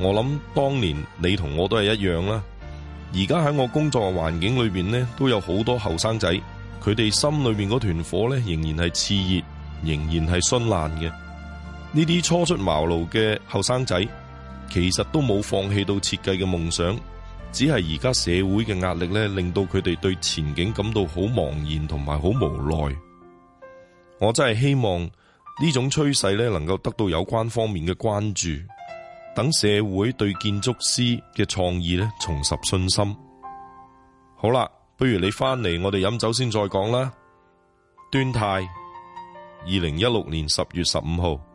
我諗當年你同我都係一樣啦，而家喺我工作環境裏邊呢，都有好多後生仔，佢哋心裏面嗰團火咧仍然係熾熱，仍然係絢爛嘅。呢啲初出茅廬嘅後生仔，其實都冇放棄到設計嘅夢想，只係而家社會嘅壓力咧，令到佢哋對前景感到好茫然同埋好無奈。我真係希望呢種趨勢咧，能夠得到有關方面嘅關注。等社會對建築師嘅創意重拾信心。好啦，不如你返嚟，我哋飲酒先再講啦。端泰，二零一六年十月十五號。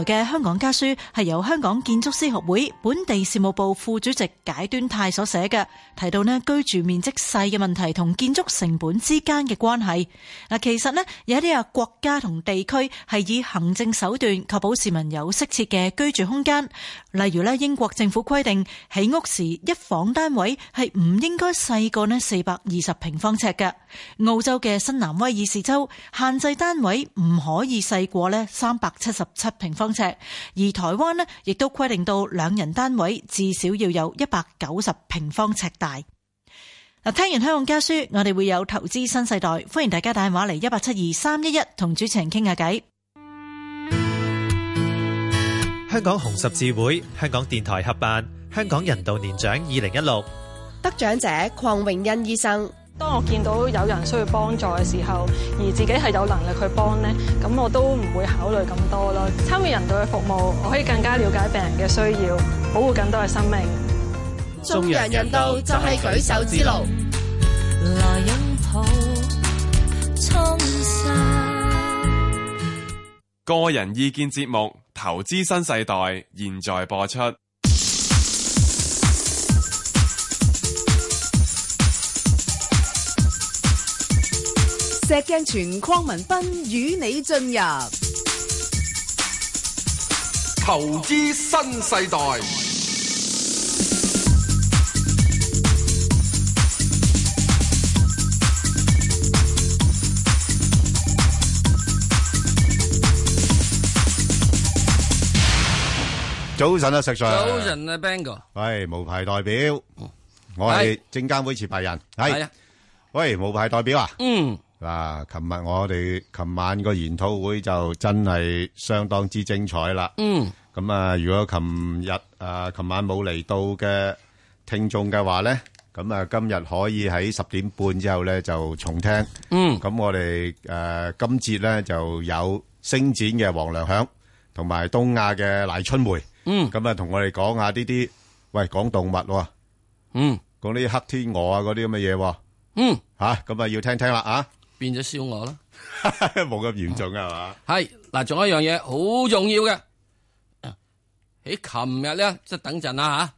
嘅香港家書係由香港建築師學會本地事務部副主席解端泰所寫嘅，提到呢居住面積細嘅問題同建築成本之間嘅關係。嗱，其實呢有一啲啊國家同地區係以行政手段確保市民有適切嘅居住空間，例如呢英國政府規定起屋時一房單位係唔應該細過呢四百二十平方尺嘅，澳洲嘅新南威爾士州限制單位唔可以細過呢三百七十七平方。方尺，而台灣咧，亦都規定到兩人單位至少要有一百九十平方尺大。嗱，聽完香港家書，我哋會有投資新世代，歡迎大家打電話嚟一八七二三一一，同主持人傾下偈。香港紅十字會、香港電台合辦香港人道年獎二零一六得獎者鄺永欣醫生。當我見到有人需要幫助嘅時候，而自己係有能力去幫呢，咁我都唔會考慮咁多咯。參與人道嘅服務，我可以更加了解病人嘅需要，保護更多嘅生命。中人人道就係舉手之勞。個人意見節目《投資新世代》現在播出。石鏡全框文斌與你進入投資新世代。早晨啊石 s 早晨啊 b a n g o 喂，無牌代表，我係證監會持牌人，係、啊，喂，無牌代表啊，嗯。嗱，琴日我哋琴晚個研討會就真係相當之精彩啦。嗯，咁啊，如果琴日啊琴晚冇嚟到嘅聽眾嘅話咧，咁啊今日可以喺十點半之後咧就重聽。嗯，咁我哋誒今節咧就有星展嘅黃良響，同埋東亞嘅賴春梅。嗯，咁啊同我哋講下呢啲喂講動物喎。嗯，講啲黑天鵝啊嗰啲咁嘅嘢。嗯，吓咁啊要聽聽啦啊！變咗燒鵝咯，冇咁嚴重噶係嘛？係嗱，仲有一樣嘢好重要嘅。喺琴日咧，即係等陣啦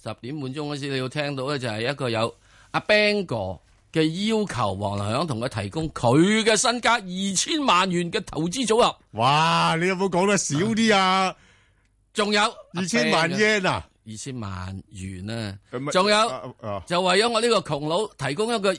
吓，十點半鐘嗰時你要聽到咧，就係一個有阿 Bang 哥嘅要求，黃良響同佢提供佢嘅身家二千萬元嘅投資組合。哇！你有冇講得少啲啊？仲有二千萬英啊，二千萬元啊，仲有、啊啊、有就為咗我呢個窮佬提供一個。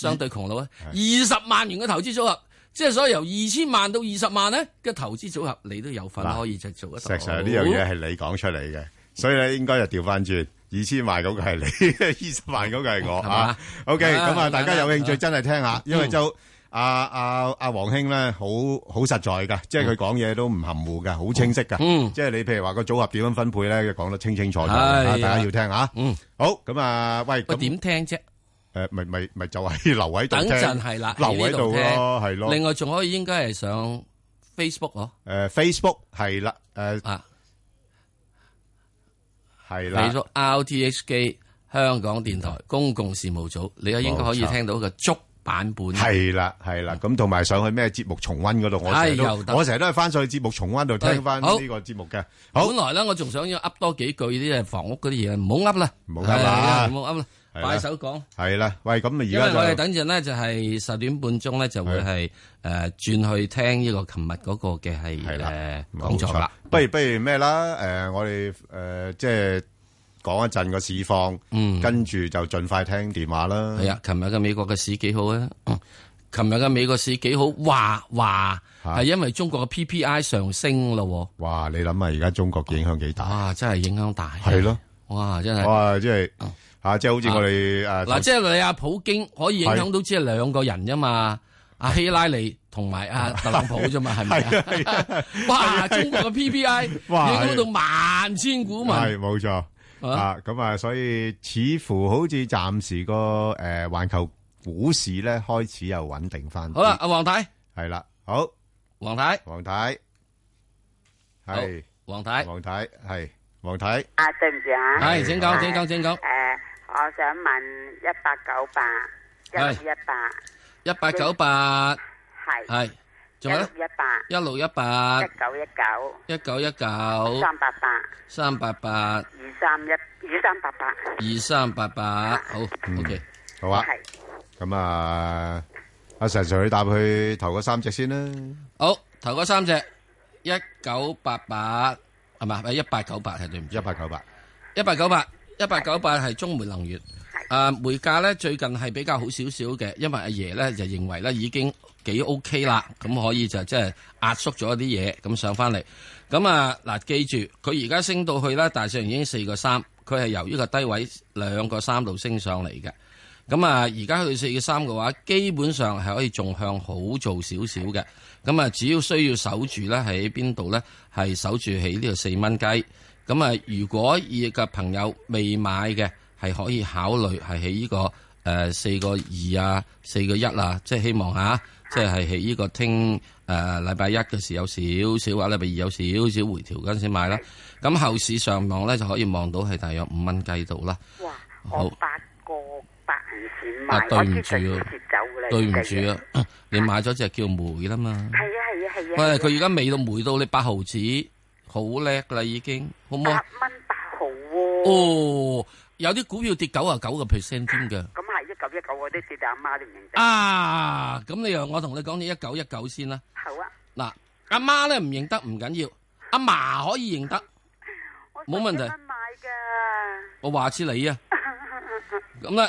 相對窮佬啊，二、欸、十萬元嘅投資組合，是即係所以由二千萬到二十萬咧嘅投資組合，你都有份可以做一做。石 Sir 呢樣嘢係你講出嚟嘅，嗯，所以咧應該就調翻轉，二千萬嗰個係你，二十萬嗰個係我。吓，OK，咁啊，okay, 啊啊大家有興趣，啊、真係聽一下，啊，因為就啊阿阿黃兄咧，好好實在噶，即係佢講嘢都唔含糊噶，好清晰噶。嗯，即係，嗯、你譬如話個組合點樣分配咧，講得清清楚楚，哎，大家要聽吓。嗯，好，咁啊，喂，我點聽啫？誒，咪咪咪就係留喺度等陣，係啦，留喺度咯，係咯。另外仲可以應該係上 Facebook 咯。誒，Facebook 係啦，誒啊，係啦。你做 RTHK 香港電台公共事務組，你啊應該可以聽到個足版本。係啦，係啦。咁同埋上去咩節目重溫嗰度，我成日都我成日都係翻上去節目重溫度聽翻呢個節目嘅。好，本來咧我仲想要噏多幾句啲誒房屋嗰啲嘢，唔好噏啦，冇啦，唔好噏啦。擺、啊、手講係啦，喂，咁而家我哋等陣咧，就係十點半鐘咧，就會係誒轉去聽呢個琴日嗰個嘅係係啦，冇錯啦。不如不如咩啦？誒、呃，我哋誒、呃、即係講一陣個市況，跟、嗯、住就盡快聽電話啦。係啊，琴日嘅美國嘅市幾好啊？琴、嗯、日嘅美國市幾好？哇哇係因為中國嘅 PPI 上升咯、啊啊，哇！你諗下，而家中國影響幾大啊？真係影響大，係咯，哇！真係、啊、哇，哇，即係。嗯吓，即係好似我哋誒，嗱，即係你阿普京可以影響到只係兩個人啫嘛，阿希拉里同埋阿特朗普啫嘛，係咪啊？哇，中國嘅 PPI，你估到萬千股民？係冇錯，啊，咁啊，所以似乎好似暫時個誒環球股市咧開始又穩定翻。好啦，阿黃太，係啦，好，黃太，黃太，係黃太，黃太係黃太。啊，對唔住吓，係，請講，請講，請講。我想問一八九八一六一八一八九八，係係仲有咧一六一八一九一九一九一九三八八三八八二三一二三八八二三八八。好，OK，好啊，咁啊阿常常去答佢頭嗰三隻先啦。好，頭嗰三隻一九八八，係嘛？係一八九八，係對唔一八九八一八九八一八九八係中煤能源，啊煤價呢最近係比較好少少嘅，因為阿爺呢就認為呢已經幾 OK 啦，咁可以就即係壓縮咗一啲嘢，咁上返嚟。咁啊嗱，記住佢而家升到去呢，大上已經四個三，佢係由呢個低位兩個三度升上嚟嘅。咁啊，而家去四個三嘅話，基本上係可以仲向好做少少嘅。咁啊，只要需要守住呢，喺邊度呢？係守住喺呢個四蚊雞。咁啊，如果你嘅朋友未買嘅，係可以考慮係喺呢個誒四個二啊，四個一啊，即係希望下、啊，即係喺呢個聽誒禮拜一嘅時候有少少啊，禮拜二有少少回調嗰陣先買啦。咁後市上望咧就可以望到係大約五蚊雞度啦。哇！好八個八毫錢買，啊對啊、我跌跌走對唔住啊，啊，你買咗隻叫梅啦嘛。係啊係啊係啊！喂，佢而家未到梅到你八毫子。好叻啦，已經好冇。十蚊八毫哦，oh, 有啲股票跌九啊九個 percent 添嘅。咁係一九一九嗰啲事，阿媽唔認得。啊，咁你又我同你講你一九一九先啦。好啊。嗱、啊，阿媽咧唔認得唔緊要，阿嫲可以認得。冇問題。我十蚊買噶。我話之你啊。咁咧，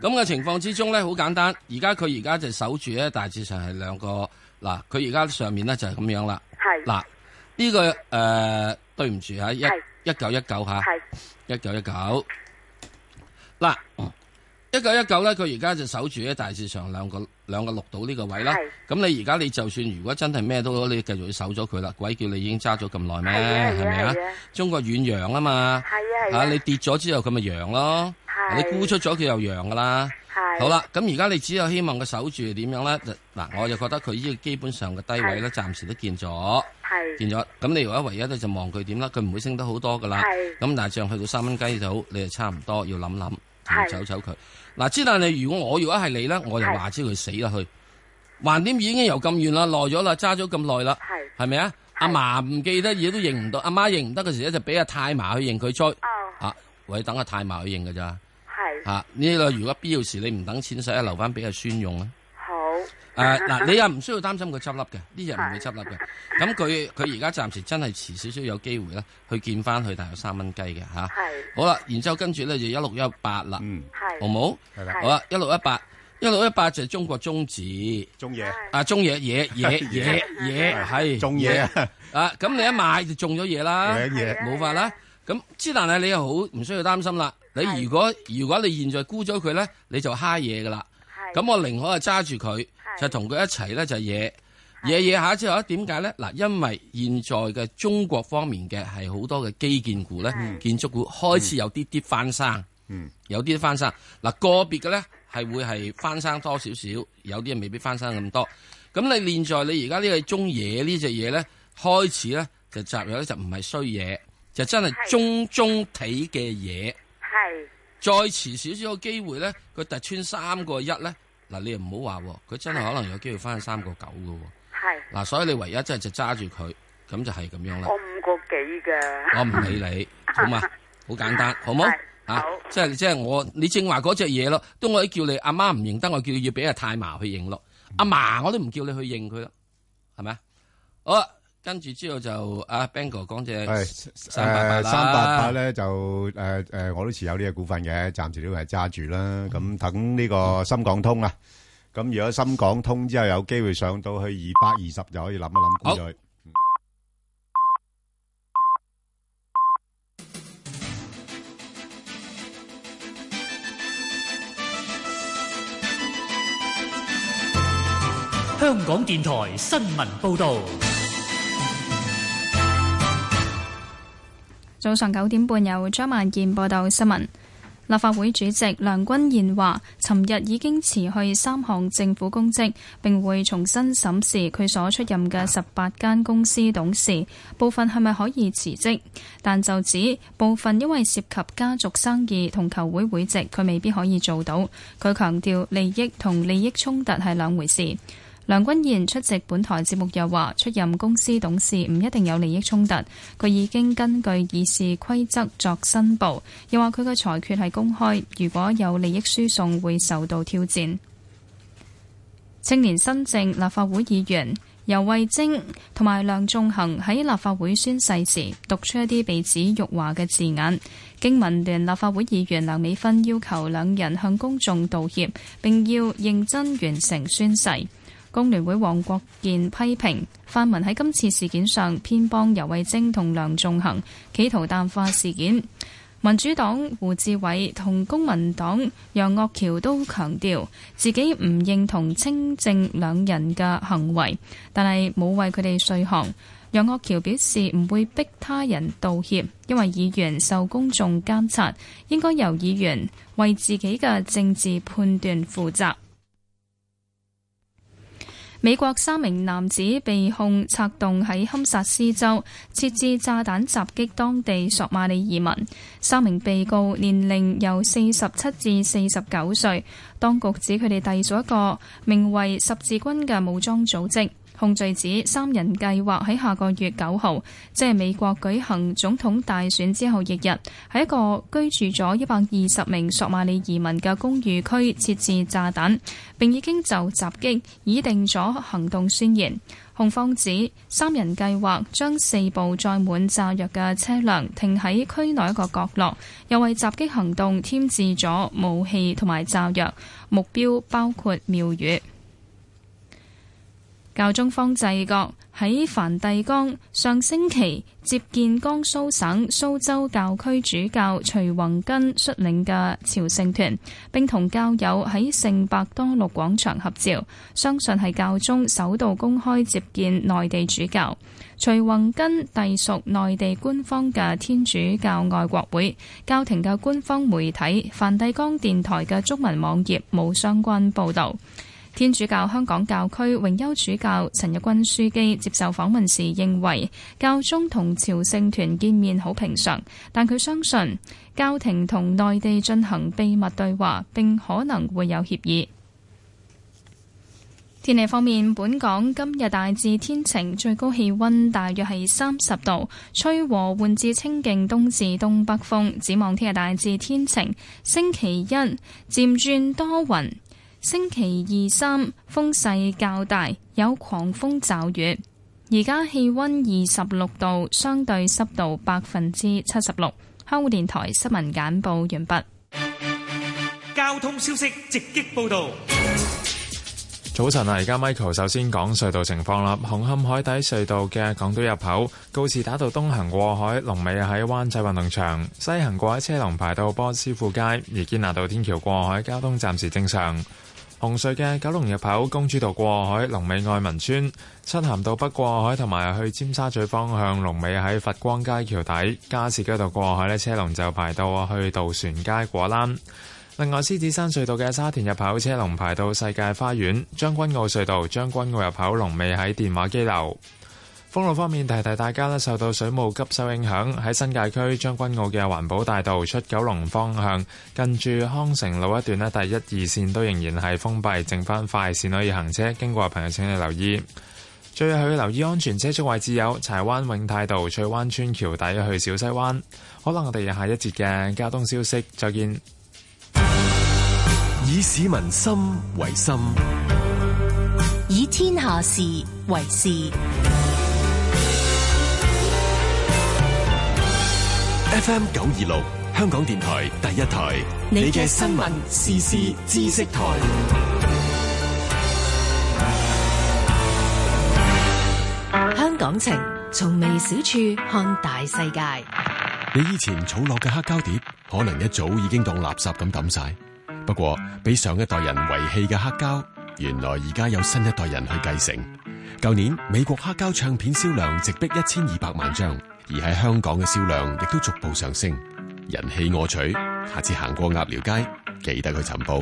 咁 嘅情況之中咧，好簡單。而家佢而家就守住咧，大致上係兩個嗱，佢而家上面咧就係咁樣啦。係。嗱、啊。呢、這個誒、呃，對唔住吓，一九一九吓，一九一九。嗱、啊，一九一九咧，佢而家就守住咧，大市場兩個兩個綠島呢個位啦。咁你而家你就算如果真係咩都，好，你繼續守咗佢啦。鬼叫你已經揸咗咁耐咩？係咪啊？中國遠洋啊嘛。吓、啊、你跌咗之後佢咪揚咯。你沽出咗佢又揚噶啦。好啦，咁而家你只有希望佢守住點樣咧？嗱，我就覺得佢呢個基本上嘅低位咧，暫時都見咗，見咗。咁你如果唯一咧就望佢點啦，佢唔會升得好多噶啦。咁但係像去到三蚊雞就好，你就差唔多要諗諗，要走走佢。嗱，之但你如果我如果係你咧，我就話知佢死啦，佢橫掂已經由咁遠啦，耐咗啦，揸咗咁耐啦，係咪啊？阿嫲唔記得嘢都認唔到，阿媽認唔得嘅時咧就俾阿太嫲去認佢出，oh. 啊，等阿太嫲去認嘅咋。係吓呢個如果必要時你唔等錢使，留翻俾阿孫用呢、啊、好誒，嗱、啊， 你又唔需要擔心佢執笠嘅，呢隻唔會執笠嘅。咁佢佢而家暫時真係遲少少有機會咧，去見翻佢大約三蚊雞嘅吓。係、啊、好啦，然之後跟住咧就一六一八啦。嗯，係好冇係好啦，一六一八，一六一八就係中國中冶中嘢啊，中嘢嘢嘢嘢嘢係中嘢啊！咁你一買就中咗嘢啦，嘢嘢冇法啦。咁之但係，你又好唔需要擔心啦。你如果如果你現在沽咗佢咧，你就蝦嘢噶啦。咁我寧可係揸住佢，就同佢一齊咧，就係嘢嘢嘢下之後咧，點解咧？嗱，因為現在嘅中國方面嘅係好多嘅基建股咧，建築股開始有啲啲翻生，有啲啲翻生嗱、嗯。個別嘅咧係會係翻生多少少，有啲人未必翻生咁多。咁你現在你而家呢個中嘢呢隻嘢咧，開始咧就集入一就唔係衰嘢，就真係中中體嘅嘢。係，再遲少少個機會咧，佢突穿三個一咧，嗱你又唔好話，佢真係可能有機會翻三個九噶喎。係，嗱所以你唯一真係就揸住佢，咁就係、是、咁樣啦。我五個幾噶。我唔理你，好嘛？好 簡單，好冇？係。即係即係我，你正話嗰隻嘢咯，都我都叫你阿媽唔認得，我叫你要俾阿太嫲去認咯。阿嫲我都唔叫你去認佢咯，係咪啊？好。跟住之後就阿 Bang 哥講隻，誒三八八咧就誒誒，我都持有呢個股份嘅，暫時都係揸住啦。咁等呢個深港通啊，咁如果深港通之後有機會上到去二百二十，就可以諗一諗再。香港電台新聞報導。早上九點半，由張萬健報道新聞。立法會主席梁君彥話，尋日已經辭去三項政府公職，並會重新審視佢所出任嘅十八間公司董事。部分係咪可以辭職？但就指部分因為涉及家族生意同球會會籍，佢未必可以做到。佢強調利益同利益衝突係兩回事。梁君彥出席本台節目，又話出任公司董事唔一定有利益衝突。佢已經根據議事規則作申報，又話佢嘅裁決係公開。如果有利益輸送，會受到挑戰。青年新政立法會議員游蕙禎同埋梁頌恆喺立法會宣誓時讀出一啲被指辱華嘅字眼，經民聯立法會議員梁美芬要求兩人向公眾道歉，並要認真完成宣誓。工聯會黃國健批評泛民喺今次事件上偏幫游蕙禎同梁頌恆，企圖淡化事件。民主黨胡志偉同公民黨楊岳橋都強調自己唔認同青政兩人嘅行為，但係冇為佢哋說項。楊岳橋表示唔會逼他人道歉，因為議員受公眾監察，應該由議員為自己嘅政治判斷負責。美國三名男子被控策動喺堪薩斯州設置炸彈襲擊當地索馬里移民。三名被告年齡由四十七至四十九歲。當局指佢哋遞咗一個名為十字軍嘅武裝組織。控罪指三人計劃喺下個月九號，即係美國舉行總統大選之後翌日，喺一個居住咗一百二十名索馬里移民嘅公寓區設置炸彈，並已經就襲擊擬定咗行動宣言。控方指三人計劃將四部載滿炸藥嘅車輛停喺區內一個角落，又為襲擊行動添置咗武器同埋炸藥，目標包括廟宇。教宗方濟各喺梵蒂岡上星期接見江蘇省蘇州教區主教徐宏根率領嘅朝聖團，並同教友喺聖伯多祿廣場合照，相信係教宗首度公開接見內地主教。徐宏根隸屬內地官方嘅天主教愛國會，教廷嘅官方媒體梵蒂岡電台嘅中文網頁冇相關報導。天主教香港教區榮休主教陳日君樞機接受訪問時認為，教宗同朝聖團見面好平常，但佢相信教廷同內地進行秘密對話，並可能會有協議。天氣方面，本港今日大致天晴，最高氣溫大約係三十度，吹和緩至清勁東至東北風。展望聽日大致天晴，星期一漸轉多雲。星期二三風勢較大，有狂風驟雨。而家氣溫二十六度，相對濕度百分之七十六。香港電台新聞簡報完畢。交通消息直擊報道。早晨啊，而家 Michael 首先講隧道情況啦。紅磡海底隧道嘅港島入口告示打到東行過海，龍尾喺灣仔運動場；西行過海車龍排到波斯富街，而堅拿道天橋過海交通暫時正常。紅隧嘅九龍入口公主道過海龍尾愛民村，漆咸道北過海同埋去尖沙咀方向龍尾喺佛光街橋底，加士居道過海咧車龍就排到去渡船街果欄。另外獅子山隧道嘅沙田入口車龍排到世界花園，將軍澳隧道將軍澳入口龍尾喺電話機樓。公路方面，提提大家咧，受到水務急修影響，喺新界區將軍澳嘅環保大道出九龍方向，近住康城路一段咧，第一二線都仍然係封閉，剩翻快線可以行車。經過嘅朋友，請你留意。最後要留意安全車速位置有柴灣永泰道、翠灣村橋底去小西灣。可能我哋下一節嘅交通消息，再見。以市民心為心，以天下事為事。FM 九二六，香港電臺第一台。你嘅新聞、時事、知識台。香港情，從未小處看大世界。你以前儲落嘅黑膠碟，可能一早已經當垃圾咁抌晒。不過，俾上一代人遺棄嘅黑膠，原來而家有新一代人去繼承。舊年美國黑膠唱片銷量直逼一千二百萬張。而喺香港嘅銷量亦都逐步上升，人氣我取。下次行過鴨寮街，記得去尋寶。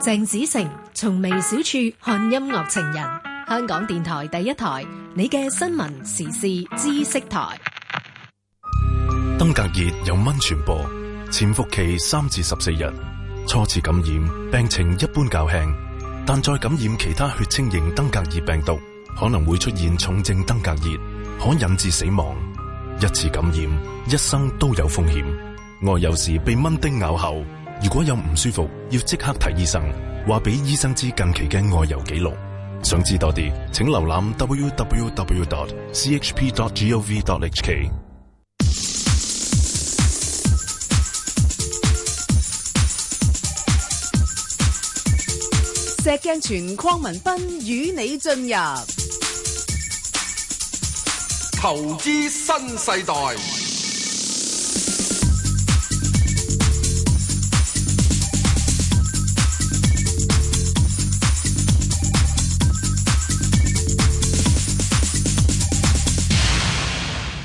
鄭子誠從微小處看音樂情人，香港電台第一台，你嘅新聞時事知識台。登革熱由蚊傳播，潛伏期三至十四日，初次感染病情一般較輕，但再感染其他血清型登革熱病毒，可能會出現重症登革熱，可引致死亡。一次感染，一生都有風險。外遊時被蚊叮咬後，如果有唔舒服，要即刻睇醫生。話俾醫生知近期嘅外遊記錄。想知多啲，請瀏覽 www.chp.gov.hk。石鏡泉、鄺民彬與你進入。投資新世代。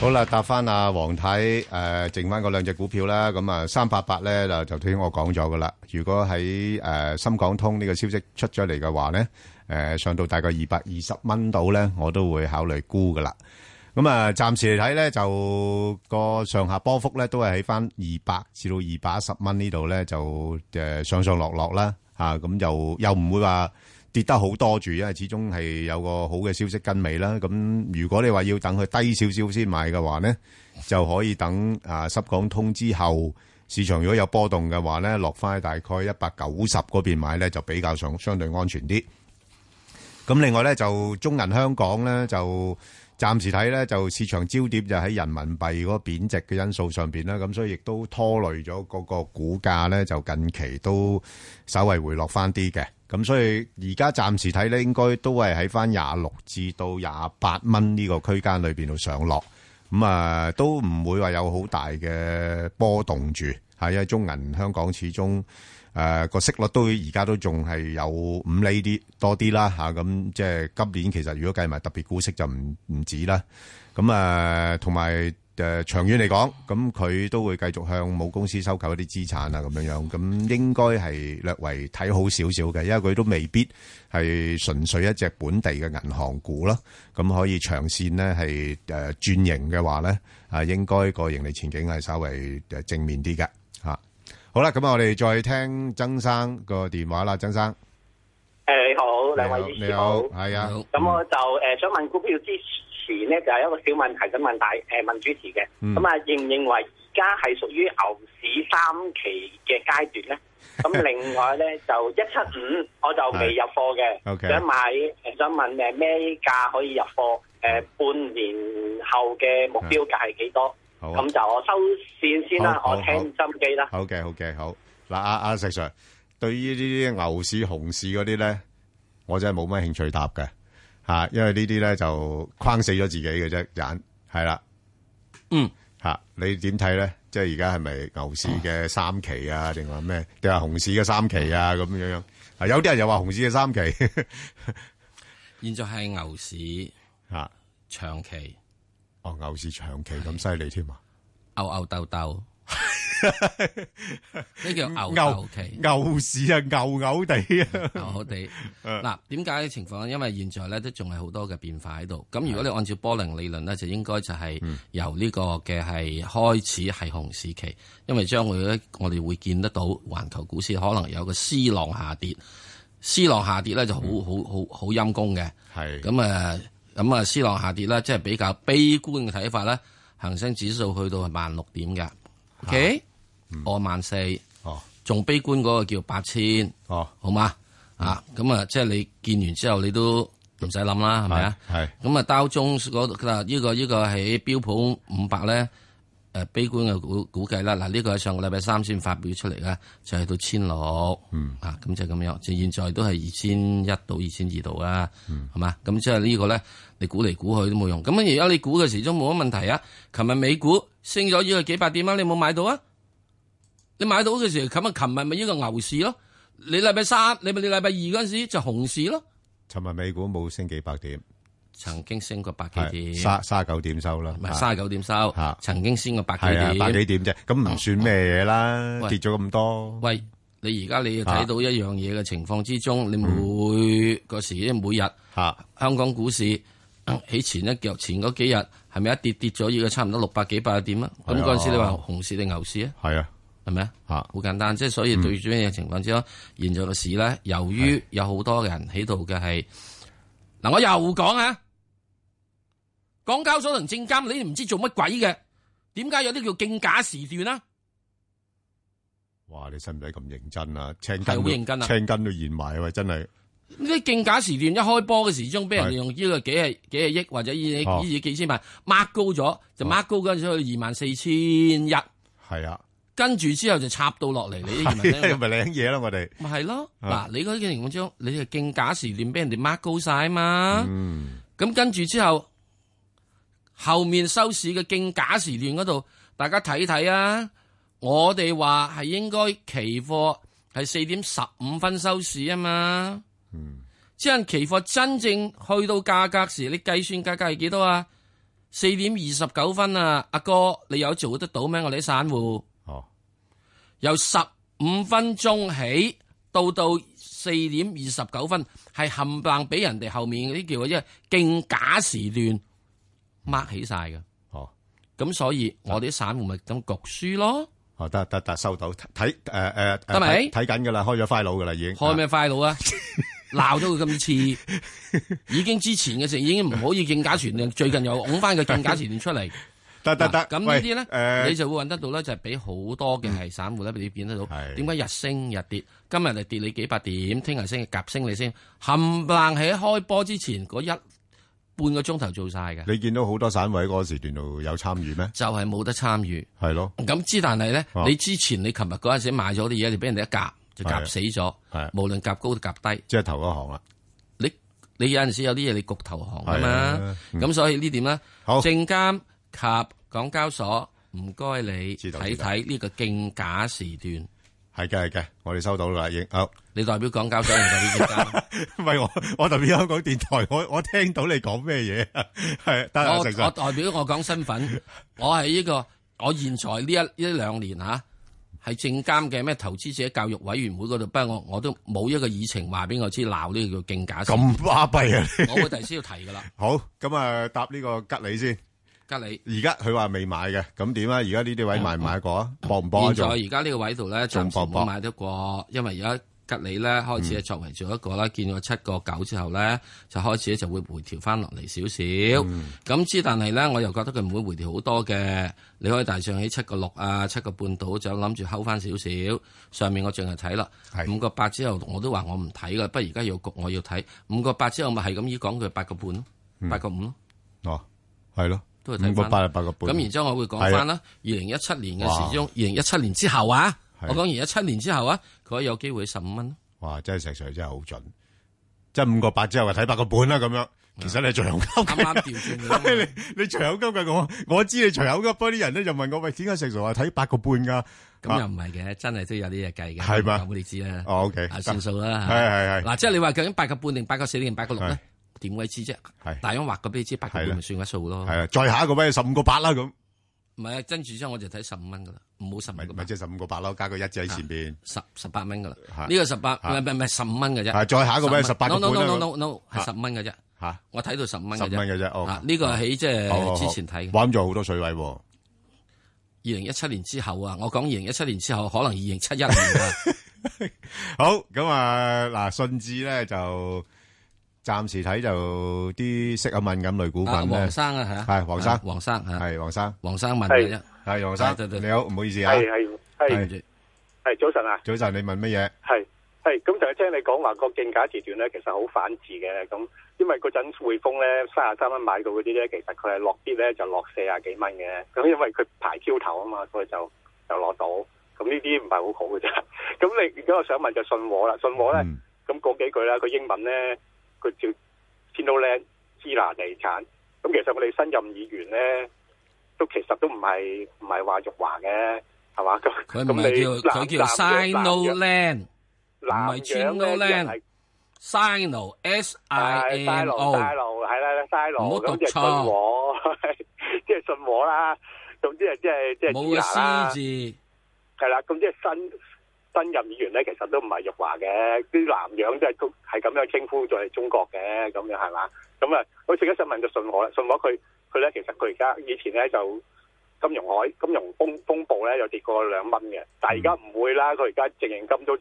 好啦，答翻阿黃太，誒，剩翻嗰兩隻股票啦。咁啊，三八八咧嗱，就頭先我講咗噶啦。如果喺誒深港通呢個消息出咗嚟嘅話咧，誒，上到大概二百二十蚊度咧，我都會考慮沽噶啦。咁啊，暫時嚟睇咧，就個上下波幅咧都係喺翻二百至到二百一十蚊呢度咧，就誒上上落落啦吓。咁、嗯啊、又又唔會話跌得好多住，因為始終係有個好嘅消息跟尾啦。咁、啊、如果你話要等佢低少少先買嘅話咧，就可以等啊，滬港通之後市場如果有波動嘅話咧，落翻喺大概一百九十嗰邊買咧，就比較相相對安全啲。咁、啊、另外咧，就中銀香港咧就。暫時睇咧，就市場焦點就喺人民幣嗰個貶值嘅因素上面啦，咁所以亦都拖累咗嗰個股價咧，就近期都稍微回落翻啲嘅。咁所以而家暫時睇咧，應該都係喺翻廿六至到廿八蚊呢個區間裏面度上落。咁啊，都唔會話有好大嘅波動住，係因為中銀香港始終。誒，個息率都而家都仲係有五厘啲多啲啦，吓，咁即係今年其實如果計埋特別股息就唔唔止啦。咁啊，同埋誒，長遠嚟講，咁佢都會繼續向母公司收購一啲資產啊，咁樣樣，咁應該係略為睇好少少嘅，因為佢都未必係純粹一隻本地嘅銀行股啦。咁可以長線呢係誒轉型嘅話咧，啊，應該個盈利前景係稍微誒正面啲嘅。好啦，咁啊，我哋再聽曾生個電話啦，曾生。誒、呃，你好，兩位你好，係啊。咁、嗯、我就誒、呃、想問股票之前咧，就有、是、一個小問題想問大誒、呃、問主持嘅。咁、嗯、啊，認唔認為而家係屬於牛市三期嘅階段咧？咁另外咧 就一七五，我就未入貨嘅，okay. 想買，呃、想問誒咩價可以入貨？誒、呃，半年後嘅目標價係幾多？咁就我收線先啦，我聽心機啦。好嘅，好嘅，好。嗱，阿阿、啊啊、石 Sir，對於呢啲牛市、熊市嗰啲咧，我真係冇乜興趣答嘅吓，因為呢啲咧就框死咗自己嘅啫，盞係啦。嗯吓，你點睇咧？即係而家係咪牛市嘅三期啊？定話咩？定係熊市嘅三期啊？咁樣樣啊？有啲人又話熊市嘅三期。 現在係牛市吓，長期。哦，牛市長期咁犀利添啊！牛牛鬥鬥，呢 叫牛牛，期牛，牛市啊，牛牛地啊，牛好地。嗱、 啊，點解嘅情況？因為現在咧都仲係好多嘅變化喺度。咁如果你按照波浪理論咧，就應該就係由呢個嘅係開始係熊市期，因為將會咧我哋會見得到環球股市可能有個 C 浪下跌，C 浪下跌咧就好好好好陰功嘅。係咁啊！咁啊，思朗下跌啦，即係比較悲觀嘅睇法啦。恒生指數去到萬六點嘅、啊、，OK，二萬四，24, 哦，仲悲觀嗰個叫八千，哦，好嘛、嗯，啊，咁啊，即係你見完之後，你都唔使諗啦，係咪啊？係，咁啊，兜中嗰度，呢、這個呢、這個喺、這個、標普五百咧。誒，悲觀嘅估估計啦，嗱、這、呢個係上個禮拜三先發表出嚟嘅，就係、是、到千六、嗯，咁、啊、就咁、是、樣，即係現在都係二千一到二千二度啦，係、嗯、嘛？咁即係呢個咧，你估嚟估去都冇用。咁而家你估嘅時終冇乜問題啊。琴日美股升咗呢個幾百點啊，你冇買到啊？你買到嘅時候，琴日琴日咪呢個牛市咯。你禮拜三，你你禮拜二嗰陣時就熊市咯。琴日美股冇升幾百點。曾經升過百幾點，三三九點收啦，唔係三九點收、啊，曾經升過百幾點，是啊、百幾點啫，咁唔算咩嘢啦，嗯、跌咗咁多。喂，你而家你要睇到一樣嘢嘅情況之中、啊，你每個時即、嗯、每日，吓、啊、香港股市喺、嗯嗯、前一腳前嗰幾日係咪一跌跌咗要差唔多六百幾百點啊？咁嗰時你話、啊、熊市定牛市啊？係啊，係咪啊？吓，好簡單，即係所以對住呢樣情況之中，嗯、現在嘅市咧，由於有好多人喺度嘅係，嗱、啊、我又講啊。港交所同證監，你唔知做乜鬼嘅？點解有啲叫競價時段啦？哇！你使唔使咁認真啦、啊？青筋都，啊、青筋都現埋啊！喂，真係呢啲競價時段一開波嘅時鐘，俾人用呢個幾係幾啊億，或者以以幾千萬 mark、啊、高咗，就 mark 高咗去二萬四千一。係啊，跟住、啊、之後就插到落嚟，你呢啲咪領嘢咯？ 我哋咪係咯嗱，你嗰啲情況之中，你係競價時段俾人哋 mark 高晒啊嘛。嗯，咁跟住之後。後面收市嘅競價時段嗰度，大家睇睇啊！我哋話係應該期貨係四點十五分收市啊嘛。嗯，即係期貨真正去到價格時，你計算價格係幾多啊？四點二十九分啊！阿哥，你有做得到咩？我哋啲散戶哦，由十五分鐘起到到四點二十九分，係冚唪俾人哋後面嗰啲叫啊，競價時段。擘起晒嘅，哦，咁所以我哋啲散戶咪咁焗輸咯，哦，得得得收到睇誒誒，得未？睇緊噶啦，開咗快勞噶啦，已經開咩快勞啊？鬧咗佢咁次，已經之前嘅時候已經唔可以競價傳，最近又拱翻個競價傳出嚟， 得得得，咁、啊、呢啲咧、呃，你就會搵得到咧，就係俾好多嘅係散戶咧，俾你變得到，點解日升日跌？今日就跌你幾百點，聽日升夾升你先，冚唪唥喺開波之前嗰一。半個鐘頭做晒嘅，你見到好多散位嗰時段度有參與咩？就係、是、冇得參與，係咯。咁之但係咧、啊，你之前你琴日嗰陣時買咗啲嘢，你俾人哋一夾就夾死咗。係、啊、無論夾高都夾低，即係投嗰行啦。你你有陣時有啲嘢你焗投行㗎嘛？咁、啊嗯、所以點呢點咧？好，證監及港交所唔該你睇睇呢個競價時段。係嘅，係嘅，我哋收到啦。好，你代表港交所唔係呢啲，唔係 我，我代表香港電台。我我聽到你講咩嘢？係 得我，實我，我代表我講身份， 我係呢、這個，我現在呢一呢兩年吓，係、啊、證監嘅咩投資者教育委員會嗰度。不過我我都冇一個議程話，俾我知鬧呢個叫競價。咁巴閉啊！ 我會第需要提噶啦。好，咁啊，答呢個吉利先。吉利而家佢話未買嘅，咁點啊？而家呢啲位買唔買過啊？搏唔搏？現在而家呢個位度咧搏？冇買得過，因為而家吉利咧開始係作為做一個啦、嗯，見咗七個九之後咧就開始就會回調翻落嚟少少。咁、嗯、之但係咧我又覺得佢唔會回調好多嘅，你可以大上起七個六啊，七個半到就諗住睺翻少少。上面我淨係睇啦，五個八之後我都話我唔睇噶，不過而家有局我要睇，五個八之後咪係咁依講佢八個半咯，八個五咯。哦、嗯，係、啊、咯。五個八啊，八個半。咁然之後我會講翻啦。二零一七年嘅事之二零一七年之後啊，我講完一七年之後啊，佢可以有機會十五蚊。哇！真係石 s 真係好準，即係五個八之後睇八個半啦咁樣。其實你長金，咁啱調轉。你你長金嘅講，我知你長金，不過啲人咧就問我，喂，點解石 s i 話睇八個半噶，啊？咁、啊、又唔係嘅，真係都有啲嘢計嘅。係嘛，我哋知啊。哦，OK，算數啦。係係係。嗱，即係你話究竟八個半定八個四定八個六咧？點鬼知啫？大樣畫個俾你知，八個億咪算個數咯。係啊，啊、這個、啊，啊，再下一個咩？十五個八啦咁。唔係啊，跟住之後我就睇十五蚊噶啦，唔好十蚊。唔係，即係十五個八咯，加個一字喺前邊。十十八蚊噶啦，呢個十八唔係唔係，十五蚊噶啫。再下一個咩？十八。No no no no no，係十五蚊噶啫。吓、啊，我睇到十五蚊。十蚊噶啫。呢、嗯哦這個喺即係之前睇。玩咗好多水位、啊。二零一七年之後啊，我講二零一七年之後，可能二零七一年。好咁啊！嗱，順治咧就。暫時睇就啲適合敏感類股份咧，黃生啊係，係黃生，黃生係，黃、啊、生，黃、啊生,啊啊生,啊、生,生問你係黃生，你好，唔好意思啊，係係係，係早晨啊，早晨，你問乜嘢？係係咁就聽你講話個競價時段咧，其實好反市嘅，咁因為嗰陣匯豐咧三廿三蚊買到嗰啲咧，其實佢係落啲咧就落四十幾蚊嘅，咁因為佢排挑頭啊嘛，所以就就攞到，咁呢啲唔係好好嘅啫。咁你如果我想問就信和啦，信和咧咁、嗯、幾句啦，佢英文咧。佢叫 Sino Land 資拿地產，咁其實我哋新任議員咧，都其實都唔係唔係話玉華嘅，係嘛？咁佢唔係叫佢 叫 c i n a Land，l 唔係 Sino l a n d s i g n a l S I N，係啦，係啦，Sino，唔好讀錯，即係 信和啦，總之係即係即係資拿啦，係啦，咁即係新。新任議員咧，其實都唔係玉華嘅，啲南洋即係咁樣稱呼係中國嘅，咁樣係嘛？咁啊，我成日想問就信海，信海佢佢咧，其實佢而家以前咧就金融海金融風風暴咧，就跌過兩蚊嘅，但係而家唔會啦。佢而家淨現金都